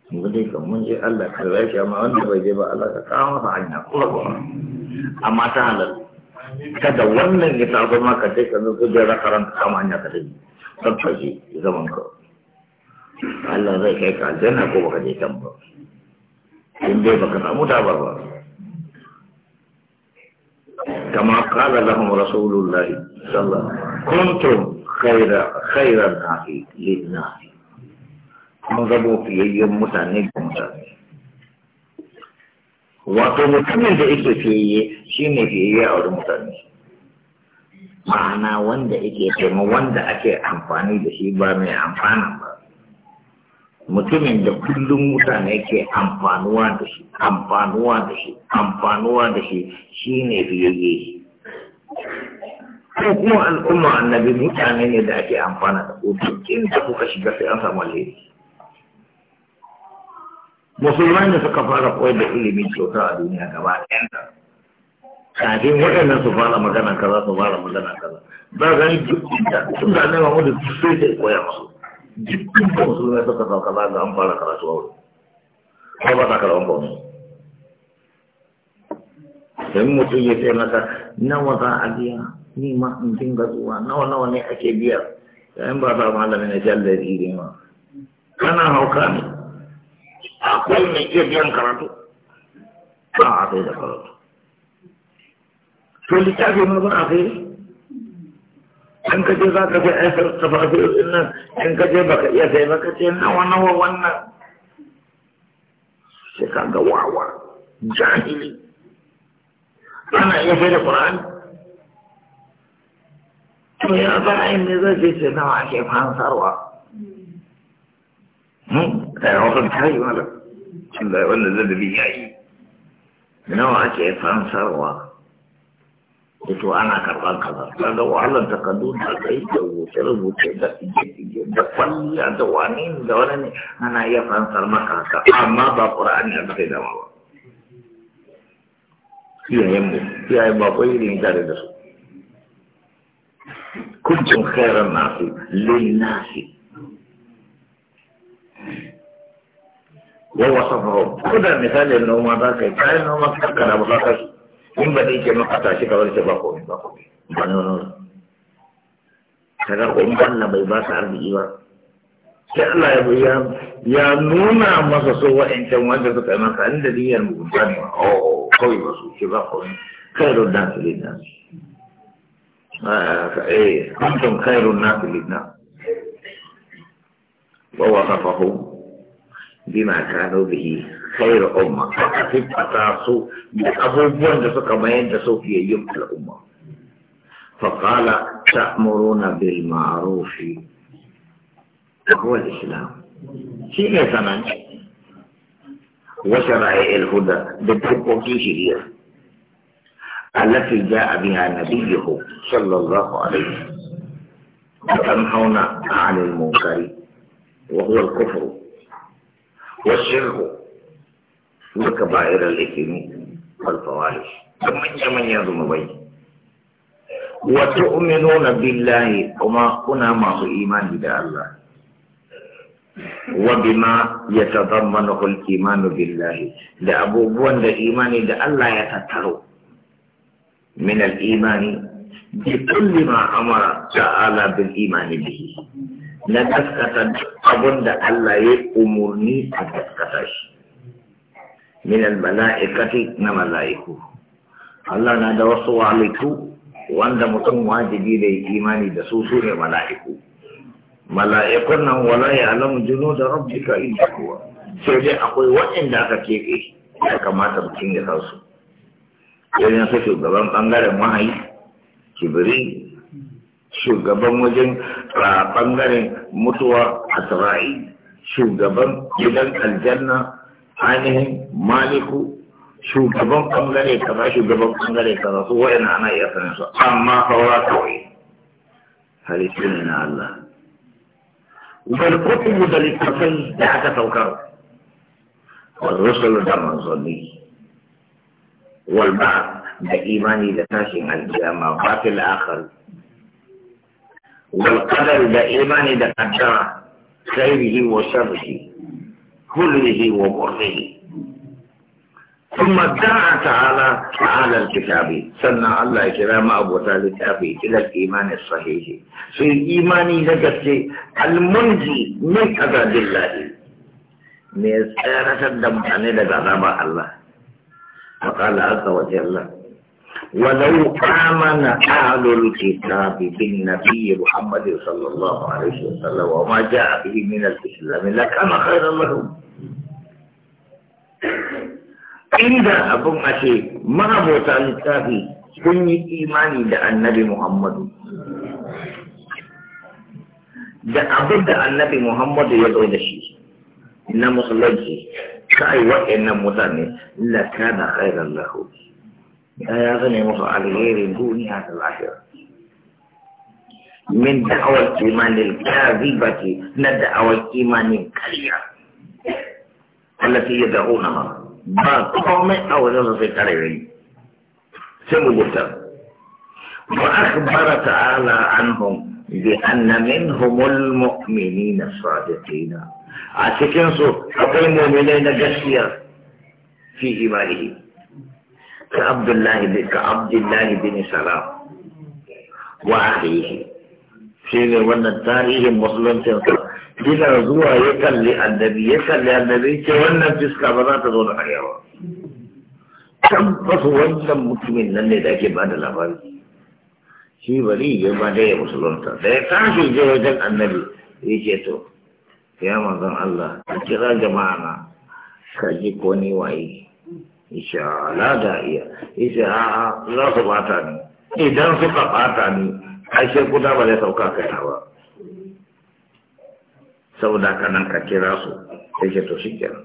[SPEAKER 1] mu dai kan mun je Allah ka rashi amma wanda bai je ba Allah ka kawo masa hanya amma ta halal kada wannan ya tafi ka dai ka zo da ka kama hanya ka dai tabbaci zaman ka Allah zai kai ka aljanna ko baka je kan ba in dai baka samu tabar ba kama kala lahum rasulullahi sallallahu kuntum khaira khaira nahi linnahi mun zabo fiyayyen mutane ga mutane wato mutumin da yake fiyayye shi ne fiyayye a wurin mutane ma'ana wanda yake taimako wanda ake amfani da shi ba mai amfana ba mutumin da kullum mutane ke amfanuwa da shi amfanuwa da shi amfanuwa da shi shi ne fiyayye ko kuma al'umma annabi mutane ne da ake amfana da kotu da kuka shiga sai an samu alheri musulmai ne suka fara koyar da ilimin kyauta a duniya gaba ɗaya kafin waɗannan su fara magana kaza su fara magana kaza ba gani duk inda tun da annabi Muhammad sai sai koya musu dukkan da musulmai suka sauka za ga an fara karatu a wuri har ba ta karɓar ba sai mutum ya ce maka nawa za a biya ni ma in dinga zuwa nawa nawa ne ake biya yayin ba ta malamin na jallar iri ma kana hauka ne akwai mai iya biyan karatu ba a sai da karatu to littafi ma ba a sai in ka je za ka sai aikar tafafiyar din nan in ka je ba ka iya sai baka ce nawa nawa wannan sai ka ga wawa jahili ana iya sai da ƙur'ani to ya za a yi ne zai ce sai nawa ake fansarwa hmm? ta yi tayi mala Allah wanda zai da biyayi nawa ake fansarwa to ana karɓar kaza kaga wahalar takardu da aka yi da rubuce-rubuce da ije-ije da kwalliya da wani da wani ne ana iya fansar maka haka amma ba ƙura'ani a kai dama ba iyayen mu iyayen ba ko irin tare da su kuncin khairan nasu lil nasi wa wasafahu ko da misalin noma za ka yi kayan noma ka kada ba za ka in ba zai ke maka tashi ka wani ba komai ba komai ba na wani kaga ko in Allah bai ba ka arziki ba sai Allah ya ya ya nuna masa so wa'ancan wanda suka yi maka inda niyyar mugunta ne o oh, oh, kawai ba su ce ba komai kairun nasu linnas ah, eh kuntum kairun nasu linnas wa waqafahum بما كانوا به خير أمة أكتب أتاسو بأبوبون دسو كمين دسو في يوم الأمة فقال تأمرون بالمعروف هو الإسلام شيء زمن وشرع الهدى بالتقوى شريعة التي جاء بها نبيه صلى الله عليه وسلم وتنهون عن المنكر وهو الكفر والشرك وكبائر الإثم والفواحش ومن يمن يظلم به وتؤمنون بالله وما كنا معه إيمان إلى الله وبما يتضمنه الإيمان بالله لأبو بوان الإيمان إلى الله يتترو من الإيمان بكل ما أمر تعالى بالإيمان به na gaskata abin da Allah ya umarni a gaskata shi minan mala'ikati na mala'iku Allah na da wasu walitu wanda mutum wajibi da imani da su su ne mala'iku mala'ikun nan wala ya alamu juno da rabbika da kuwa sai dai akwai waɗanda aka keke, ya kamata mutum ya san su su shugaban bangaren wahayi kibiri shugaban wajen a bangaren mutuwa asra'i shugaban gidan aljanna ainihin maliku shugaban bangare kaza shugaban bangare kaza su wa'ina ana iya sanin su amma saura kawai halittu ne na Allah bal kutubu da littafai da aka saukar wal rusul da manzanni wal ba da imani da tashin alkiyama batil akhir والقدر ده إيمان ده قدر خيره وشره كله وبره ثم ادعى تعالى على الكتاب سنة الله كرام أبو ذلك أبي إلى الإيمان الصحيح في الإيمان لك المنجي من عذاب الله من سيرة الدم عن الله وقال عز وجل ولو آمن أهل الكتاب بالنبي محمد صلى الله عليه وسلم وما جاء به من الإسلام لكان خيرا لهم إذا أبو أشي ما أبو تنتهي كني إيماني إلى النبي محمد da abin da annabi Muhammadu ya zo إنما صلى na musulunci kai wa'annan mutane la kana khairan lahu يا غني على غير الدنيا الآخرة من دعوة الإيمان الكاذبة ندعوى الإيمان الكريم التي يدعونها باطوم أو ذلك الكريم سمو وأخبر تعالى عنهم بأن منهم المؤمنين الصادقين أتكنسوا أقيموا مؤمنين جسيا في إيمانهم كعبد الله بن كعبد الله بن سلام وأخيه شيء من التاريخ مسلم تنسى إذا زوا يكل النبي يكل النبي كوانا تسكى بنات دون حيوان tabbas wannan mutumin nan ne ake ba da labari shi bari ya ba da ya musulunta da ya tashi je wajen annabi ya ce to ya mazan Allah ka jama'a na ka ji ko ni waye isha la da iya isha a za su bata ni idan suka bata ni ashe guda ba zai sauka kai ba saboda haka nan ka kira su sai ke to shi kira.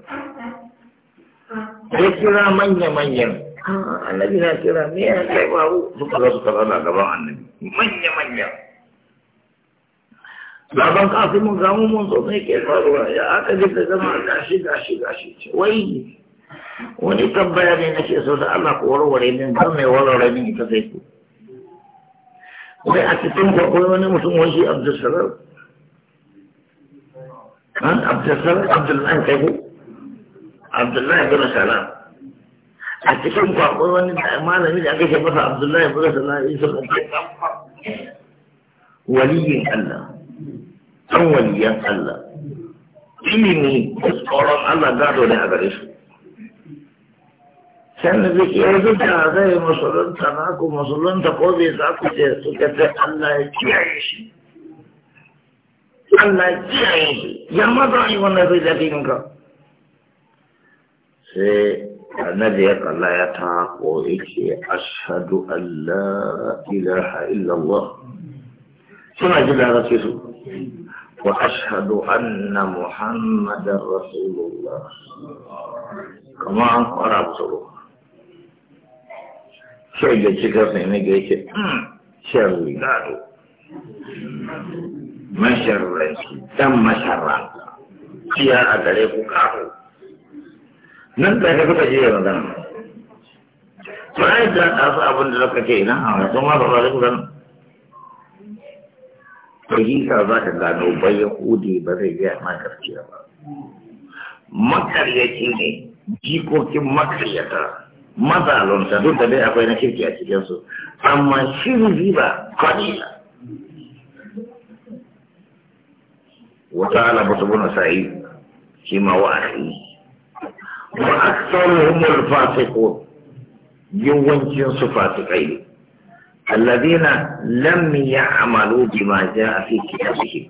[SPEAKER 1] ya kira manya-manyan ah, annabi na kira me ya kai babu suka ga suka zauna gaban annabi manya-manya laban kafin mun gamu mun zo ne ke faruwa ya aka ji shi zama gashi gashi gashi wai wani tambaya ne nake so da Allah ku warware min ba mai warware min ita sai ku wai a cikin ku akwai wani mutum wani Abdulsalam kan Abdulsalam Abdullahi kai ku Abdullahi bin Salam a cikin ku akwai wani malami da aka ce masa Abdullahi bin Salam Isa waliyin Allah ɗan waliyan Allah ilimi tsoron Allah gado ne a gare shi sannan da ke yanzu da zai musulunta na ku musulunta ko bai za ku ce suka ce Allah ya kiyaye shi Allah ya kiyaye shi ya maza a yi wannan zai daɗi ninka sai annabi ya kalla ya ta ko yake ashadu Allah ilaha illallah suna ji da su wa ashadu anna muhammadan rasulullah kama an kwara musulunta sai da cikar ne ne ga yake hmm, sharri gado masharranci dan masharra ciya a gare ku karo nan da ka kuka jiya na dan bayan da ta su abin da zaka ke ina hawa sun ma ba zai kuka to yi ka za ka gano ba yahudi ba zai biya ma gaskiya ba makaryaci ne jikokin makaryata mazalunta duk da dai akwai na kirki a cikinsu amma shirin riba kwalila wata ala ba su guna sa'i shi ma wa ba a aktsaruhum al fasiko yawancin su fasikai ne alladhina lam ya'malu bima ja'a fi kitabihim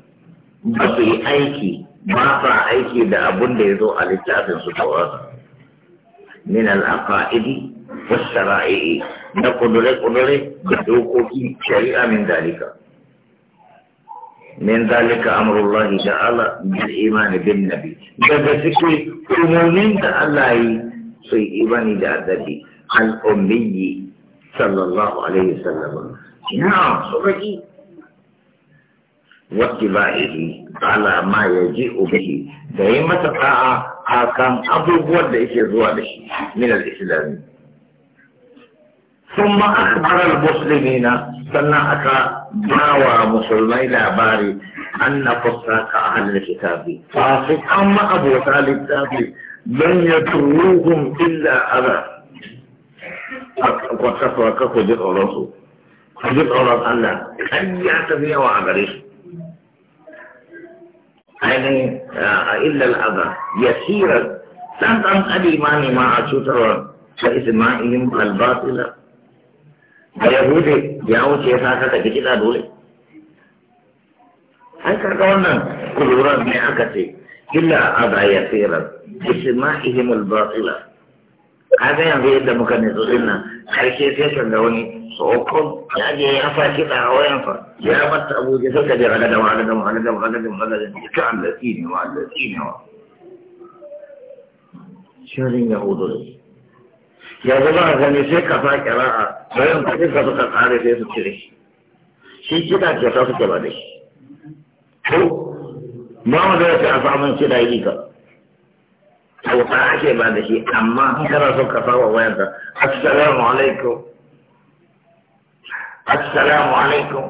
[SPEAKER 1] ba su yi aiki ba sa aiki da abun da ya zo a littafin su tawasa من العقائد والشرائع نقول نقدر قدر في شريعة من ذلك من ذلك أمر الله تعالى بالإيمان بالنبي بذلك المؤمن الله في إيمان النبي الأمي صلى الله عليه وسلم نعم صدقي واتباعه ala ma ya ji ubihi da yi masa ta'a a kan abubuwan da yake zuwa da shi min al-islami sun ma akbar musulmi na sannan aka bawa musulmai labari an na fuska ka ahalar kitabi fasikan ma abota littafi don ya turuhun illa aza kwatafa ka ku ji tsoron su ku ji tsoron Allah kan ya tafiya yawa a gare ainihin a eh, illal aza yasirar dan dan alimani ma a cutarwa ta isma'ilin albatila A yahudi ya wuce ya sa ka kiɗa dole An kaga wannan kuluran ne aka ce illa aza yasirar isma'ihim albatila kaga yanzu yadda muka nitsu din nan karshe sai ka ga wani tsohon ya je ya fa kiɗa a fa ya batta abuja sai ka je da agadam da agadam agadam da shi ne wa allatsi ne wa shirin hudu ne Ya ba a gani sai ka fa a bayan kuɗin ka suka kare sai su cire shi kiɗa ta suke ba da shi ko ba mu da ya ce a samun kiɗa yi ka
[SPEAKER 2] kyauta ake ba da shi amma kana son ka saba wayar da assalamu
[SPEAKER 1] alaikum assalamu alaikum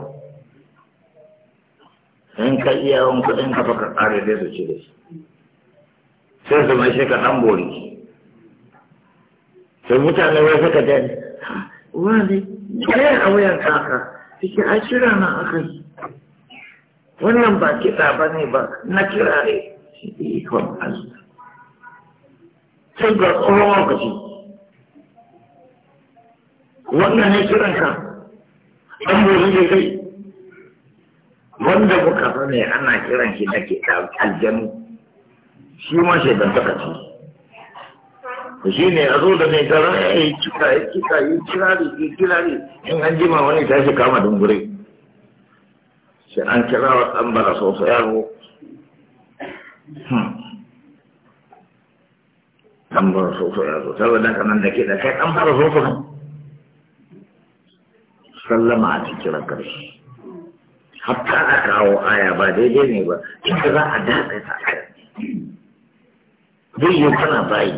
[SPEAKER 1] in ka iya yawan kuɗin ka baka ƙare dai su cire shi sai su mai shekar ɗan bori sai mutane wai suka je wani ɗaya a wuyan kaka cikin a kira na aka yi wannan ba kiɗa ba ne ba na kira ne shi ikon Allah sai ga tsoron wakaci, wannan ne ka an bori ne kai wanda muka sani ana kiran shi da ke aljanu shi ma shaidan ta kaci shi ne a zo da mai tara ya yi cika ya cika ne ya yi ne in an jima wani ta shi kama dungure sai an kira wa ɗan bara sosai yaro an soso ya zo saboda ka nan da ke da kai an bar soso ne sallama a cikin rakar shi hatta a kawo aya ba daidai ne ba inda za a daɗa ta aya zai yi kana bayi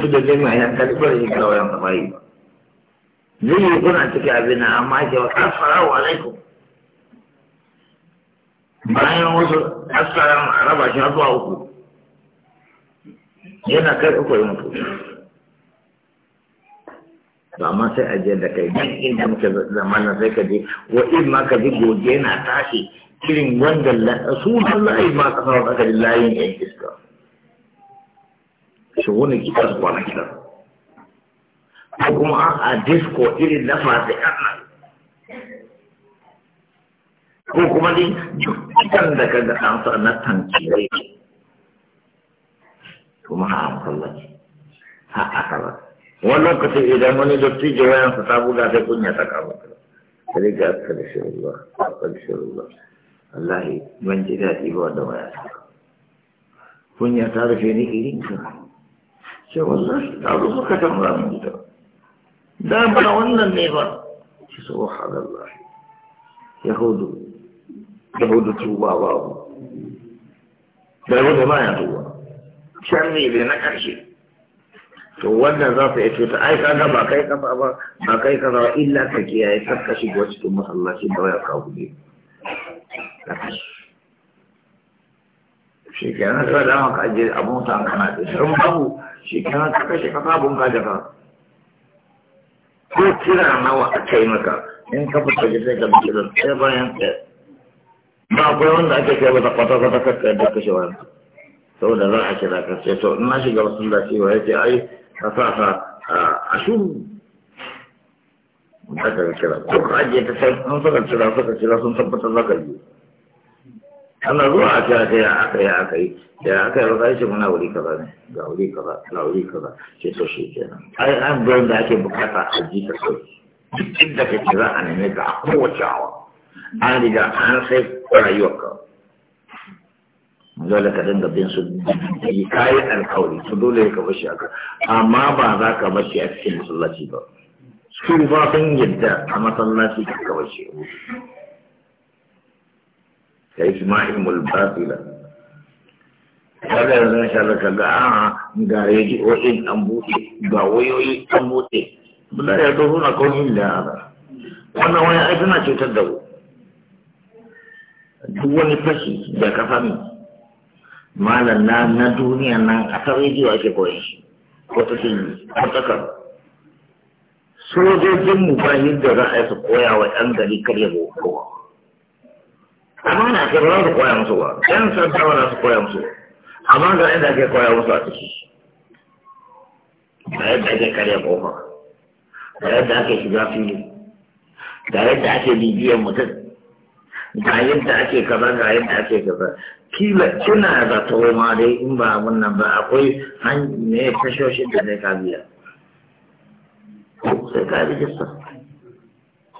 [SPEAKER 1] su da zai ma hankali talibar yi kawo yan bayi zai yi kuna cikin abin na amma ke wa assalamu alaikum bayan wasu a raba shi har zuwa uku yana kai uku yi mutu to amma sai a jiyar da kai dan inda muke zamanin sai ka je wa in ma ka ji goge na tashi irin wanda sunan layi ma ka sawa aka ji layin yan iska shi wani kika su kwana kika? ko kuma a disco irin na fasikan nan ko kuma ni duk da ka ga an sa na tankirai kuma a masallaci a akaba wani lokacin idan wani dattijo wayan sa ta buga sai kunya ta kama ka sai ga ka da shirullah ka da shirullah wallahi ban ji daɗi ba da waya kunya ta rufe ni irin ka ce wallahi ta zo muka tamura mun ta da ba wannan ne ba ce subhanallah yahudu yahudu tuba babu da yahudu ba ya tuba sharri ne na ƙarshe to wannan za su iya ta ai kaga ba kai kafa ba ba kai kaza ba illa ka kiyaye kar ka shigo cikin masallaci da waya ka guje shi ke nan sai dama ka je a mota an kana da sun babu shi ke nan ka kashe ka sabon ka jaka ko kira nawa a kai maka in ka fita ji sai ka bi kiran sai bayan ɗaya ba akwai wanda ake kai ba ta kwata-kwata kakka yadda kashe wani sau da za a kira ka sai to ina shiga wasu da cewa ya ce ai ka sa ka a shuru da ka kira ko ka ajiye ta sai an saka kira saka kira sun tabbatar za ka yi
[SPEAKER 2] ana zuwa a kira kai aka
[SPEAKER 1] yi aka yi da aka yi rasa shi muna wuri kaza ne ga wuri kaza ga wuri kaza ce to shi kenan ai an gurin da ake bukata a ji ka sauki duk inda ka kira a neme ka a kowace awa an riga an sai rayuwarka dole ka dinga bin su yi kayan alkawari su dole ka bashi aka amma ba za ka bashi a cikin masallaci ba su ba sun yadda a masallaci ka ka bashi ka yi isma'il ya kada yanzu insha Allah ka ga a ah, ga rediyoyin an buɗe ga wayoyi an buɗe bula ya zo suna kawai da ara wannan wani ai suna cutar da ku duk wani fashi da ka sani malam na na duniya nan a kan rediyo ake koyi ko ta ce ko ta kan sojojin mu ba yadda za a yi su koya wa ɗan gari karya ko kowa amma na ce ba za su koya musu ba ɗan sanda ba za su koya musu amma ga inda ake koya musu a ciki ga yadda ake karya kofa ga yadda ake shiga fili ga yadda ake bibiyan mutum ga yadda ake kaza ga yadda ake kaza kila kina da ma dai in ba wannan nan ba akwai ne fashoshi da zai ka biya sai ka rijista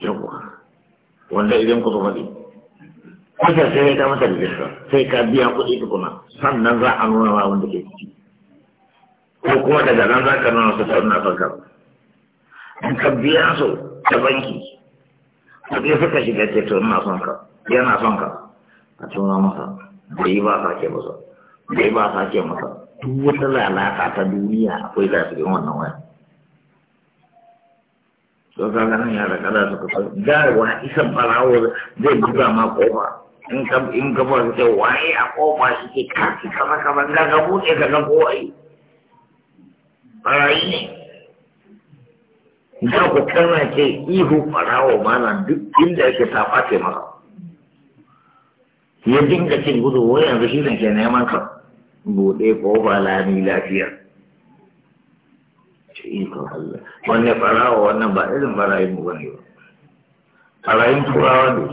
[SPEAKER 1] yawa wanda idan ku zama ne sai ka mata rijista sai ka biya kuɗi tukuna sannan za a nuna ma wanda ke ciki ko kuma daga nan za ka nuna su tauna farka in ka biya su ta banki a suka shiga ce to son ka yana son ka a tuna masa bai ba sake masa bai ba sake masa duk wata lalata ta duniya akwai za su wannan waya to ka ga nan ya da kada su kusa ga wa isan barawo zai buga ma kofa in ka in ka ba ce waye a kofa shi ke kaci kama kama ga ga buɗe ka ga kowai barayi ne da ku kana ce ihu barawo mana duk inda yake ta face masa ya dinga cin gudu wai yanzu shi ne ke neman sa buɗe ba lami lafiya ikon Allah wanne farawa wannan ba irin farayin mu bane ba farayin turawa ne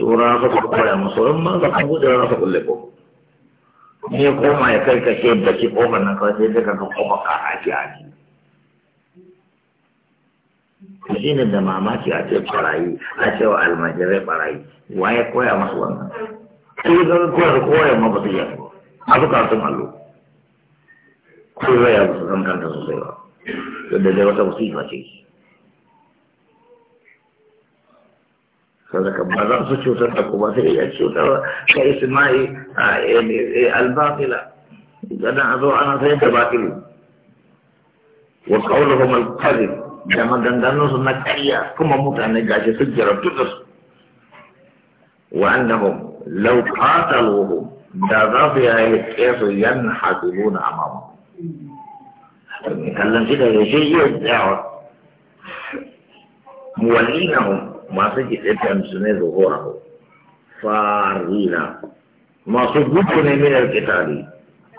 [SPEAKER 1] turawa ka kuma koya musu ran ma ka kan gudu rasa kulle ko ne koma ya karkace baki kofar nan kawai sai daga ka koma ka aji aji shi ne da mamaki a ce ɓarayi a ce wa almajirai barayi waye koya masu wannan sai ga da koyar ma ba su yi a bukatun allo ko zai yabu su san kanta sosai ba yadda dai wata wasifa ce sadaka ba za su cutar da ku ba sai ya cutar ka isma'i a eh, eh, albafila idan a zo ana sayar da batilu wa qawluhum kuma kadhib da maganganunsu na ƙarya kuma mutane gashi sun jarabtu da su wa annahum law qataluhu da za su yayi kesu yan haduruna amama kallon shi da yaushe iya tsayawa muwallinahum masu ta su ne zuhurahu farina masu gudu ne min alkitali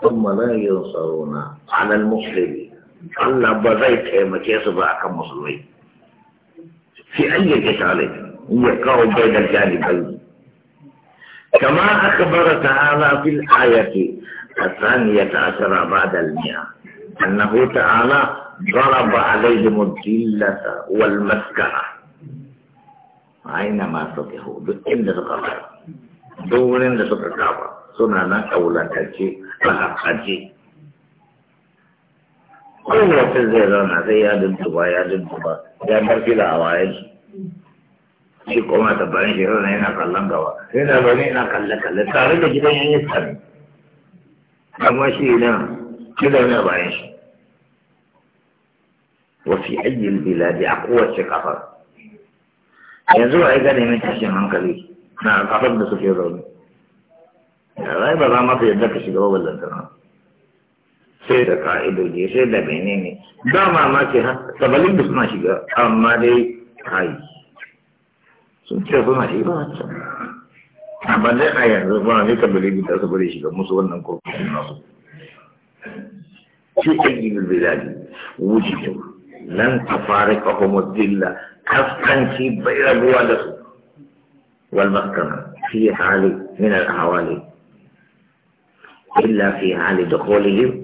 [SPEAKER 1] ثم لا ينصرون على المسلمين Allah ba zai taimake su ba في أي fi ayyi kitalin ya kawo bayan jalibai كما أخبر تعالى في الآية الثانية عشرة بعد المئة أنه تعالى ضرب عليهم الجلة والمسكرة أينما سطحوا بإن الغرب دون إن سطح كعبة سنانا أولا تجي أخر كل وقت زي ده نعطي يا دين دبا يا دين دبا يا بركي لا عوائل شي كوما تبعين شي رو نينا قلن قوا هنا بني هناك قلن قلن تاري دي جدا يعني تاري أما شي لا كده نا بعين شي وفي أي البلاد أقوى ثقافة
[SPEAKER 2] اي إذا لم تشي
[SPEAKER 1] من قليل نا قفض بسكي ظلم لا يبقى ما في يدك شي قوى ولا انت نعم sai da ka'idoji sai da menene ba mamaki sabalin da suna shiga amma dai kai sun ce suna shiga wancan amma dai a yanzu ba ne sabalin da su bari shiga musu wannan kurkukun nasu shi ɗan biladi wujito Nan ta fara kahomar zilla kaskanci bai rabuwa da su wal maskana fi hali min al-hawali illa fi hali da kolihim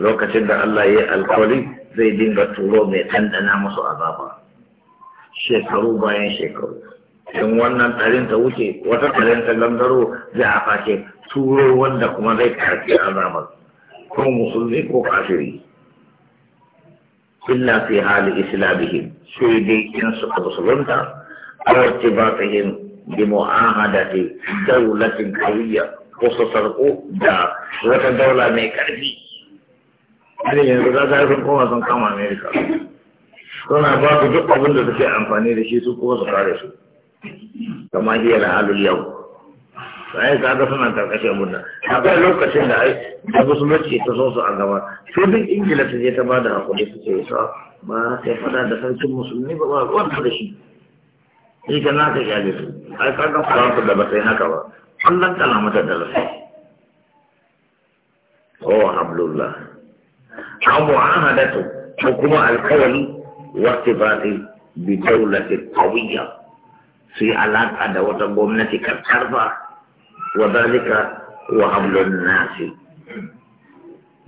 [SPEAKER 1] lokacin da Allah ya yi alkawari zai dinga turo mai ɗanɗana musu azaba shekaru bayan shekaru in wannan tarin ta wuce wata ɗarin ta gangaro zai a fashe turo wanda kuma zai karfi azabar ko musulmi ko kafiri illa fi hali islamihim sai dai in suka musulunta a wacce ba ta yin bi mu'ahadati daulatin kawiyya ko su sarko da wata daula mai karfi hari yanzu za ka sun koma sun kama amerika suna ba su duk abin da suke amfani da shi su kuma su kare su kamar hiyar na halul yau sai ka ga suna karkashin murna akwai lokacin da ai da musulunci ta so su a gaba sai duk ingila ta je ta ba da hakuri su ce sa ba yi fada da sarkin musulmi ba ba ruwan da shi shi ka na ka gyale su ai ka ga faransa da ba sai haka ba an lantana mata da lafiya oh alhamdulillah أو معاهدة حكومة القول وارتباط بدولة قوية في علاقة دولة قمنتك كالكربة وذلك وحبل الناس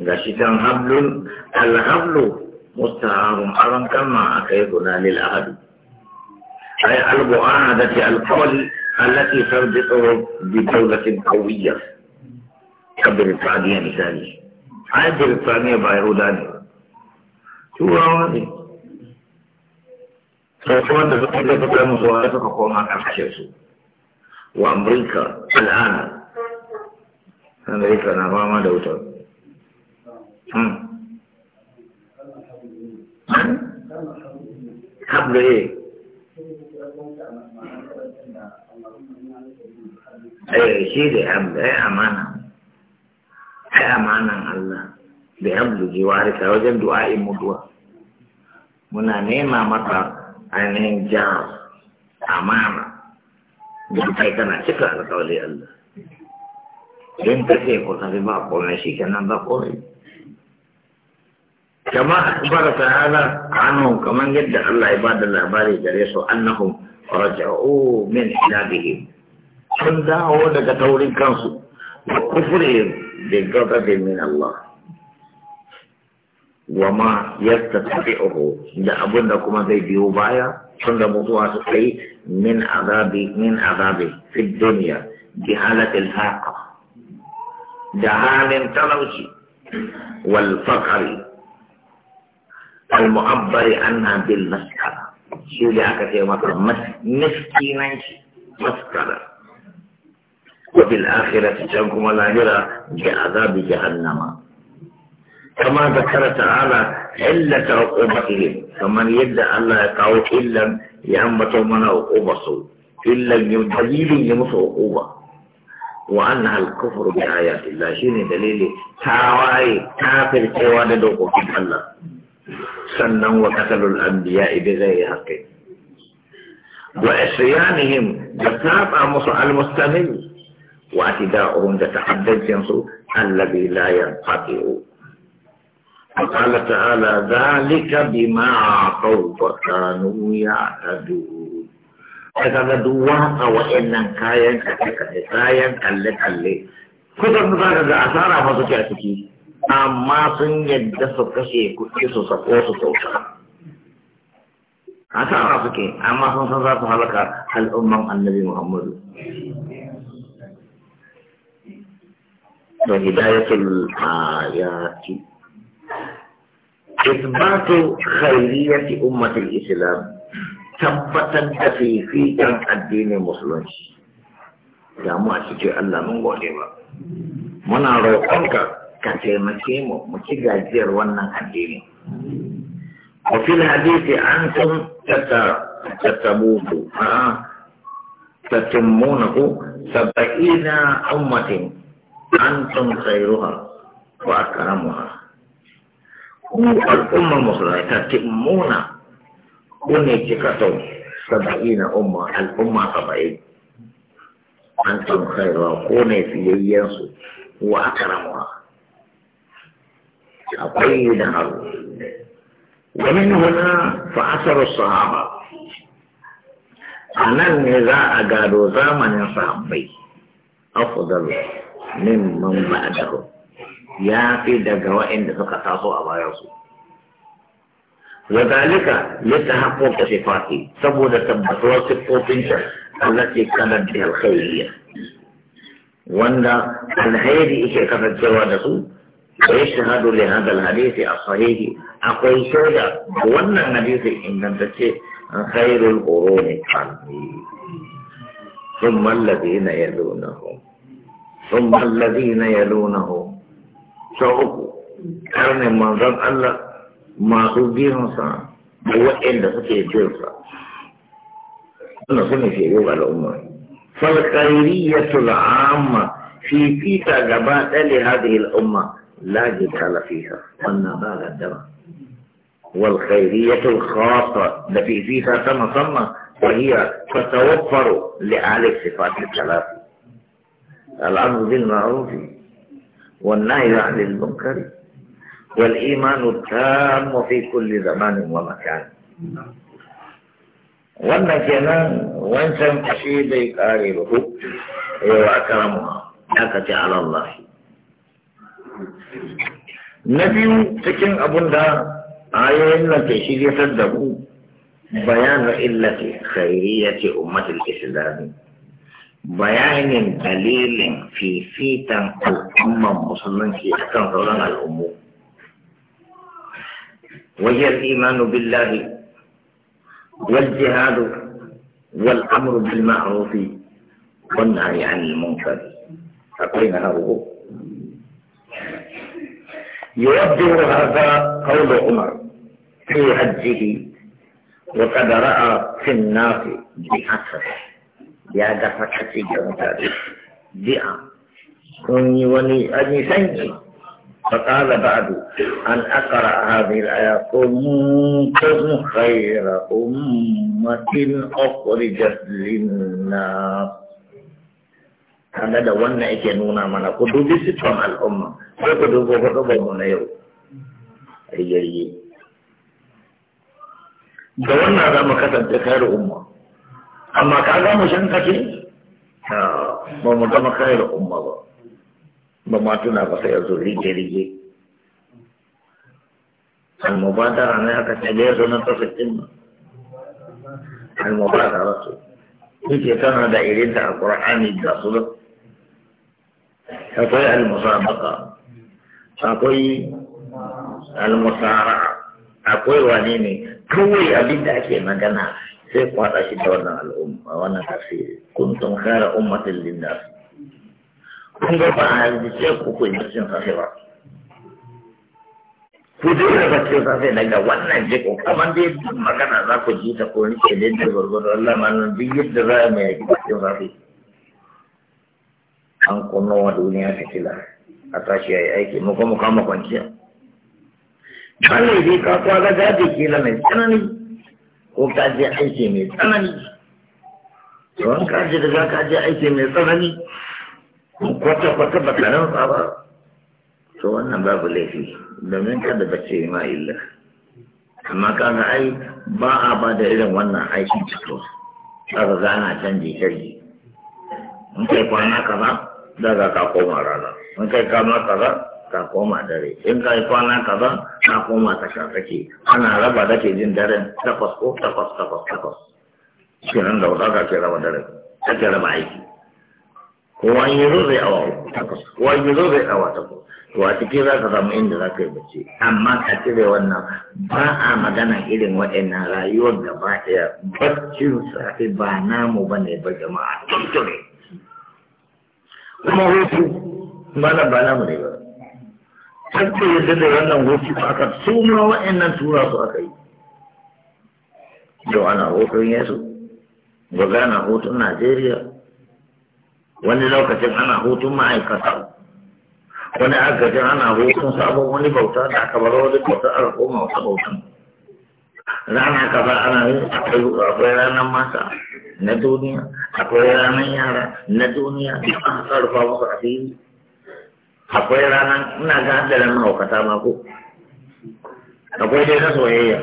[SPEAKER 1] غشيتان هبل الحبل مستعار أرم كما أكيدنا للأهد أي المعاهدة القول التي تربطه بدولة قوية
[SPEAKER 2] كبريطانيا
[SPEAKER 1] مثالي ai birtaniya ba yahuda ne turawa ne sai wanda suka da suka musu wani suka koma ƙarshe su wa amurka al'ana amurka na fama da wutar hablaye hmm. eh shi da hablaye eh, amana ai amanan Allah da ya buji warisa wajen du'a'in mutuwa muna nema mata ainihin jihar amana don kai kana cika alkawali Allah don kashe ko tafi ba komai shi kenan ba komai kama akbar ta'ala anhum kaman yadda Allah ya bada labari gare su annahum raja'u min ilabihim sun dawo daga taurin kansu وكفرهم بغضب من الله وما يستطيعه ده أبونا كما زي بيوبايا شند موضوع سكي من عذاب من عذاب في الدنيا بحالة الفاقة دهان تلوشي والفقر المعبر عنها بالمسكرة شو اللي أكثر مسكينة مسكرة وبالآخرة تنكم الآخرة بعذاب جهنم كما ذكر تعالى علة عقوبتهم فمن يدعى لا يقعوا إلا يأمة من عقوبته إلا دليل يمس عقوبة وأنها الكفر بآيات الله شنو دليل تاواي كافر توانا دوكو في الله سنن وقتل الأنبياء بغير حق وعصيانهم جثاب المستمر واعتداؤهم تتحدد ينصر الذي لا ينقطعوا قال تعالى ذلك بما عطوا وكانوا يعتدون فكذا دواء وإن كاين كاين كله كله كتب ذلك أثار ما تجاتك أما سن يدس كشي كتيس سقوس سوشا أثار فكي أما سن سنزات هلك الأمم النبي محمد وهداية الآيات إثبات خيرية أمة الإسلام ثبتا في في الدين المسلم يا ما شكي الله من غريبا منا روحك كتمكيم متجاجر وانا الدين وفي الحديث أنتم تتبوه تتمونه سبعين أمة أنتم خيرها وأكرمها هو الأمة المصلحة كوني ونجكتم سبعين أمة الأمة سبعين أنتم خيرها كوني في ينسو وأكرمها أقيد ومن هنا فأثر الصحابة أنا النزاع قالوا زمن صحابي أفضل mimman ba'adahu ya fi daga waɗanda suka taso a bayan Wazalika wa zalika lita haqqaqa sifati saboda tabbatuwar sifofin ta allati kanat bil khayriya wanda alhayri yake kasancewa da su wa yashhadu li a al hadith as akwai shaida wannan hadisi ingantacce khairul quruni qalbi ثم الذين يلونهم ثم الذين يلونه سوء كان منظر الله ما سبين سا وإن سكي جلسا أنا سمي في يوغا الأمة فالخيرية العامة في فيتا جبات لهذه الأمة لا جدال فيها والنبال الدم والخيرية الخاصة التي فيتا تم سما وهي تتوفر لأعلى الصفات الثلاثة العمر بالمعروف والنهي عن المنكر والإيمان التام في كل زمان ومكان والنجنا وانسان قشيد يقاربه وأكرمها أيوة أكت على الله نبي سكن أبن دا آية إلا تشير يصدقوا بيان إلا خيرية أمة الإسلام bayanin dalilin fifitan al'umman musulunci a kan sauran al'ummu wajen imanu billahi wal jihadu wal amru bil ma'rufi wan nahyi anil munkar akwai na harubu يوجه هذا قول عمر في حجه وقد رأى في الناس بأثره ya dafa sakaci ga mutane bi'a kun yi wani an yi sanyi فقال بعد أن أقرأ هذه الآية كنتم خير أمة أخرجت للناس da wannan yake nuna mana ku dubi sifan al'umma sai ku dubo ku dubo mu na yau riyayye da wannan za mu kasance khairu umma amma ka ga mu shan kace ba mu zama kayar umma ba ba ma tuna ba sai yanzu rige rige almubadara ne aka ce bai zo na tafikin ba almubadara su suke tana da irin da alkur'ani da su da akwai almusabaka akwai almusara akwai wani ne kawai abin da ake magana sai kwada shi al umma wa wannan kuntum khara ummatin linnas kun ga ba a yi ce ku ku yi cin safe ba ku je da baccin safe daga wannan dai magana za ku ji ta ko ni ke da yadda Allah ma nan yadda za a mai yaki baccin safe an kunna wa duniya fitila a tashi a aiki mu kuma kama kwanciya. Allah dai ka kwa ga gadi ko ka je aiki mai tsanani don ka daga ka je aiki mai tsanani kwata kwata ba ka nan ba to wannan babu laifi domin kada ba ce ma illa amma kaga ai ba a ba da irin wannan aiki cikin kaga za na canji shirgi in kai kwana kaza daga ka koma rana in kai kama kaza ta koma dare in kai yi kwana kaza ta koma ta sha ana raba da ke jin dare takwas ko takwas takwas takwas kenan da wadaka ke raba dare kake raba aiki kowa yi zo zai awa takwas kowa yi zo zai awa takwas to a cikin za ka samu inda za ka yi bacci amma ka cire wannan ba a magana irin waɗannan rayuwar gaba ɗaya baccin safe ba namu ba ne ba jama'a tuntune kuma hutu ba na ba namu ne ba kan da yadda da wannan hoci ba aka su ma wa'annan tura su aka yi yau ana hoton yesu ga gana hoton najeriya wani lokacin ana hoton ma'aikata wani agajin ana hoton sabon wani bauta da aka bar wani bauta a koma wata bautan
[SPEAKER 2] rana kaza ana yin akwai
[SPEAKER 1] akwai ranar mata na duniya akwai ranar yara na duniya da aka sarrafa musu a fili akwai rana ina ga hadarin mahaukata ma ko akwai dai na soyayya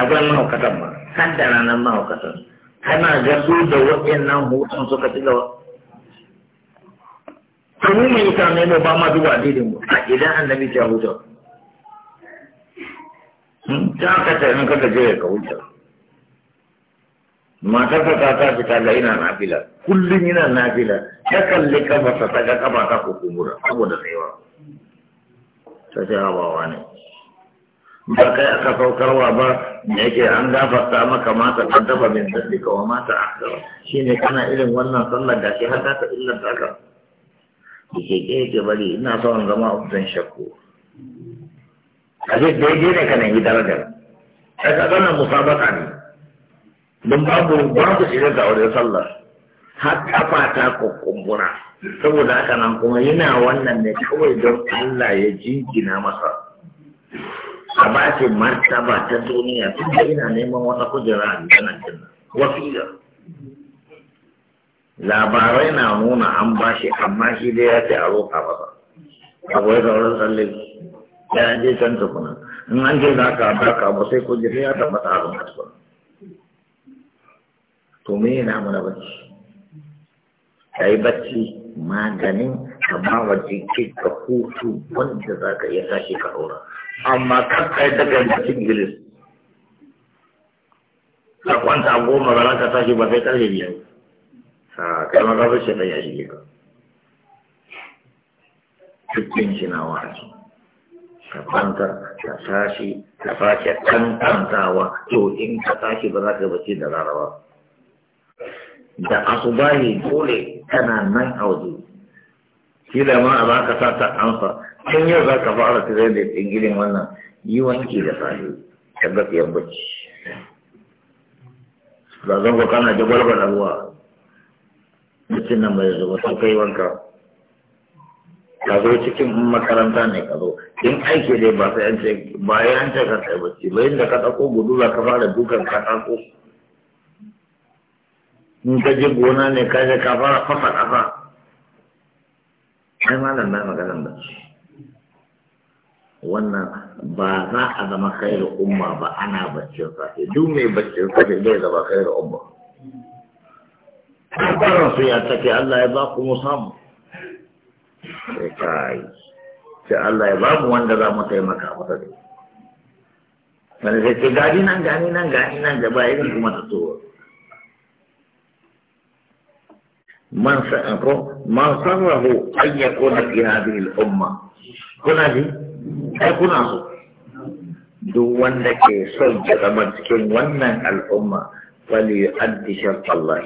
[SPEAKER 1] akwai mahaukatan ma har da ranar mahaukatan kana ga su da nan hutun suka ci gaba to mu mai ta mu ba ma duba addinin mu a idan annabi ya huta hmm? ta ka ta nan ka je ka huta matarsa ta ta fita da ina nafila kullum ina nafila ya kalli kafa ta ga kafa ta ko kumbura saboda tsayuwa ta ce hawawa ne ba kai aka saukarwa ba da yake an gafarta maka mata ta dafa min sassi kawai mata kawai shi ne kana irin wannan sallar da shi har ta illar ta ka da ke ke yake bari ina son zama abin shakku a ce daidai ne kana yi darajar ta ka gana musabaka ne don babu babu shiga da aure sallah har kafa ta kumbura saboda haka nan kuma yana wannan ne kawai don Allah ya jingina masa a ba shi martaba ta duniya da ina neman wata kujera a jannan janna wasiya labarai na nuna an ba shi amma shi dai ya ce a roƙa abu akwai sauran tsalle ya je can tukuna in an ce za ka ba ka ba sai kujera ya tabbata a zama tukuna to me yana mana bacci ka yi bacci maganin ka ba wa jiki ka hutu wanda za ka iya tashi ka aura amma kan kai daga bacci gilis ka kwanta goma ba za ka tashi ba sai karfe biyar a kai ma kafin shi ya shige ka cikin shi na wani. ka kwanta ka tashi ka tashi tantantawa to in ka tashi ba za ka bacci da rarawa da bayi dole kana nan a waje da ma a ka sa ta amsa tun yau za ka fara ta zai da tsingirin wannan yi wanki da sahi tabbas yan bacci ba zan ko kana da da ruwa mutum nan bai zuba ta kai wanka ka zo cikin makaranta ne ka zo in aiki dai ba sai an ce ba ya an ce ka kai bacci bayan da ka ɗauko gudu za ka fara dukan ka ɗauko in ka je gona ne ka je ka fara fasa ƙasa ai malam na maganan da wannan ba za a zama khairu umma ba ana baccin safe duk mai baccin safe zai zama khairu umma
[SPEAKER 2] Kabarin su ya take
[SPEAKER 1] Allah ya ba ku musamman. Sai kai, sai Allah ya ba mu wanda za mu taimaka masa da Wani sai ce gani nan gani nan gani nan da ba irin kuma ta so. man ko man sarrahu an yakuna fi hadhihi al-umma kuna ji kuna so duk wanda ke son ya cikin wannan al'umma wali yu'addi sharta Allah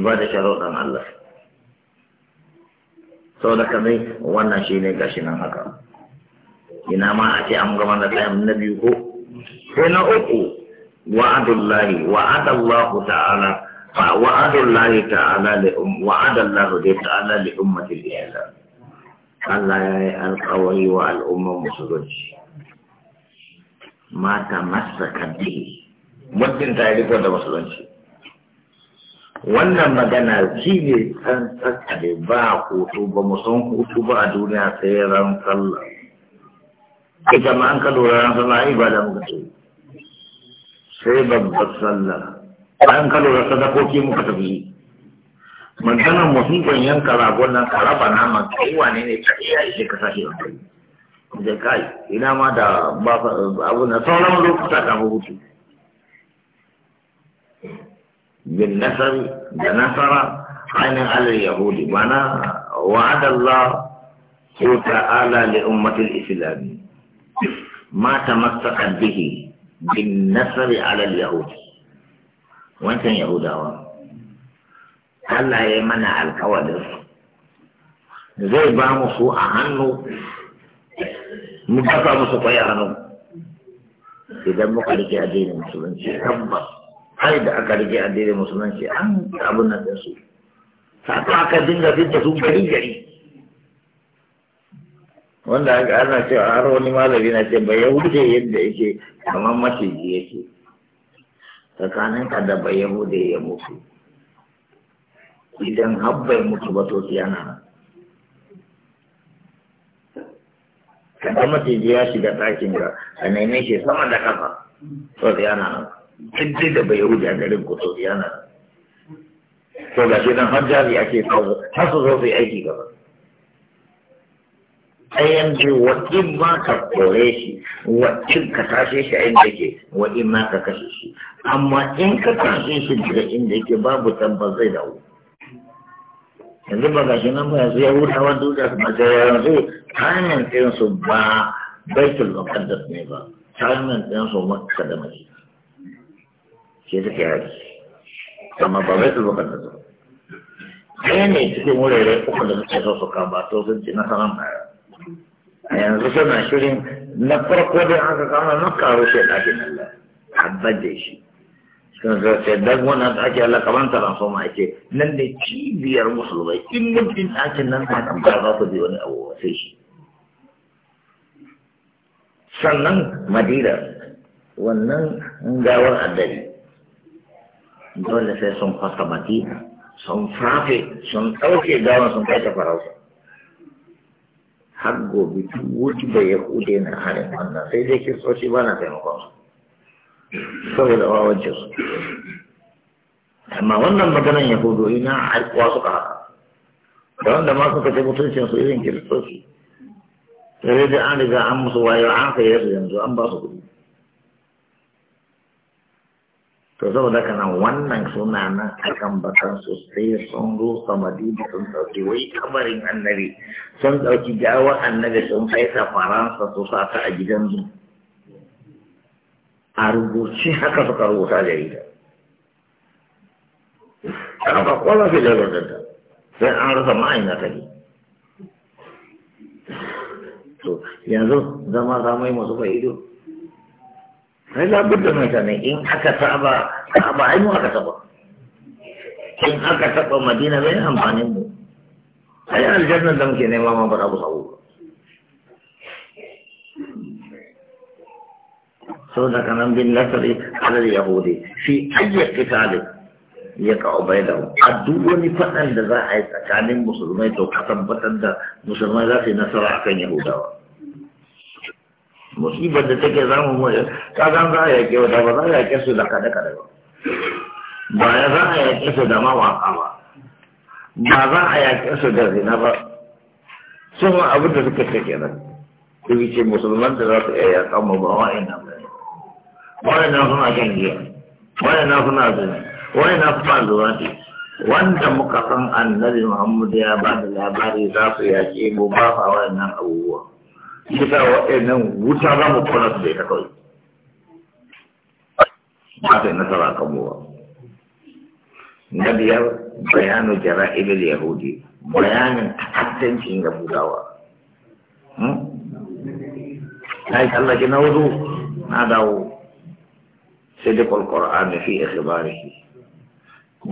[SPEAKER 1] da sharuɗan Allah sau da wannan shi ne gashi nan haka ina ma a ce an gama da tsayin na biyu ko ko na uku wa'adullahi wa'adallahu ta'ala وعد الله تعالى لأم وعد الله تعالى لأمة الإسلام الله القوي والأمة مسلوج ما تمسك به muddin ta yi rikon da musulunci wannan magana shi ne san tsakale ba hutu ba mu san hutu ba a duniya sai ran sallah ita ma an ka lura ran sallah ai ba da ka ce sai babbar sallah bayan ka lura sadakoki muka tafi maganar musulman yanka ragon nan ka raba naman kai wane ne ta iya ishe ka sashi kai da kai ina ma da abu na sauran lokuta kafin hutu bin nasari da nasara ainihin alal yahudi mana wa'adallah ko ta'ala li ummatil islami ma tamassaka bihi bin nasari alal yahudi wancan yahudawa Allah ya yi mana alkawarin zai ba mu su a hannu mu dafa musu kwaya a hannu idan muka rike addinin musulunci tabbas ai da aka rike addinin musulunci an abin nan su saka aka dinga fita su gari gari wanda aka ana cewa har wani malami na ce bai ya wuce yadda yake kamar mashi yake tsakaninka da bai yahude ya mutu idan habbai mutu ba to yana ka ga ya shiga ɗakin ga a nemi shi sama da kafa to yana cikin da bai yahude a garin ku to yana to ga shi dan hajjari ake ake har su zo su yi aiki gaba ɗayan biyu wa in ma ka kore shi wa in ka tashe shi a inda ke, wa in ma ka kashe shi amma in ka tashe shi daga inda ke babu tabbas zai dawo yanzu ba gashi nan ba yanzu ya wuta wa duka su mace yanzu hanyar ɗin su ba baitul muqaddas ne ba hanyar ɗin su makka da mace Ke suke yaki amma ba baitul muqaddas ba ɗaya ne cikin wurare uku da suke so su kama to sun ci nasarar baya a yanzu suna shirin na farko dai aka kama maka rushe ɗakin Allah tabbar da shi sun zarce dan wannan ake Allah kaman ma ake nan da cibiyar musulmai in mutum ɗakin nan ta kan ba za ku bi wani abu sai shi sannan madina wannan gawar addari dole sai sun fasa madina sun fafe sun ɗauke gawar sun kai ta farauta har gobe duk wuce da ya kude na harin wannan sai dai kiristoci ba na taimakon su saboda wawancin su amma wannan maganan hudu ina harkuwa suka haka da wanda ma suka ce mutuncin su irin kiristoci sai da an riga an musu wayo an kai yanzu an ba su kuɗi to saboda nan, wannan suna nan akan bakan su sai sun rusa madina sun ɗauki wai kamarin annabi sun ɗauki gawa annabi sun kai ta faransa su sa ta a gidan zu a rubuce haka suka rubuta da jarida ta ba kwallon fi jalar da sai an rasa ma'aikata ne to yanzu zama zamai masu fa'ido sai labar da mutane in aka saba ba ai mu aka saba in aka saba madina bai amfanin mu ai aljanna da muke nema ma ba abu sabu so da kanan bin nasari alal yahudi fi ayyar qitalin ya kawo bai da a duk wani faɗan da za a yi tsakanin musulmai to ka tabbatar da musulmai za su yi nasara akan yahudawa musibar da take za mu ka zan za a ke wata ba za a ke su da kada kada ba ba ya za a ke su da mawaka ba ba za a ke su da zina ba sun wa abin da suka ce kenan kuma ce musulman da za su iya yakan mu ba wa'annan ba wa'annan suna kan giya wa'annan suna zina wa'annan suna ne wanda muka san annabi muhammadu ya ba da labari za su yaƙe mu ba fa wa'annan abubuwa kisa wa'annan wuta za mu kona su da ita kawai ba sai nasara kan mu na biyar bayanu jara'ilil yahudi bayanin ta'addancin yahudawa hmm? na yi tsallake na wudu na dawo sai da kwalkwara da fi ikhibari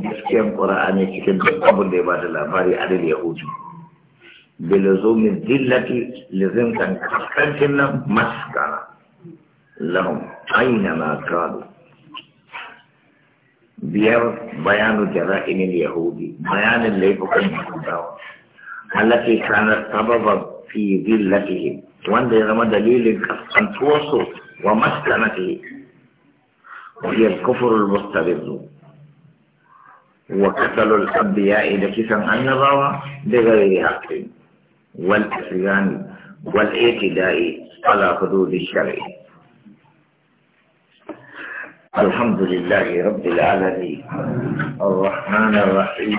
[SPEAKER 1] gaskiyan qur'ani cikin duk abin da ya ba da labari adil yahudi بلزوم الذلة لزم كان كان مسكنة لهم أينما كانوا بير بيان جرائم اليهودي بيان الليفق المحدود التي كانت سببا في ذلتهم وان رمى دليل أن توصوا ومسكنته وهي الكفر المستبد وقتلوا الأنبياء لكسا الله بغير حق والعصيان والاعتداء على حدود الشرع الحمد لله رب العالمين الرحمن الرحيم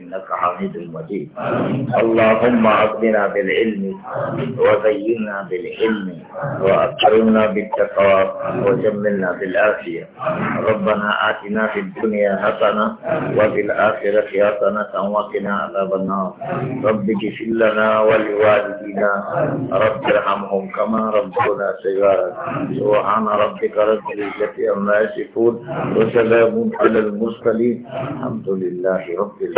[SPEAKER 1] إنك حميد مجيد اللهم أغننا بالعلم وزينا بالعلم وأكرمنا بالتقوى وجملنا بالعافية ربنا آتنا في الدنيا حسنة وفي الآخرة حسنة وقنا عذاب النار رب اغفر لنا ولوالدينا رب ارحمهم كما ربنا صغارا سبحان ربك رب العزة عما يصفون وسلام على المرسلين الحمد لله رب العالمين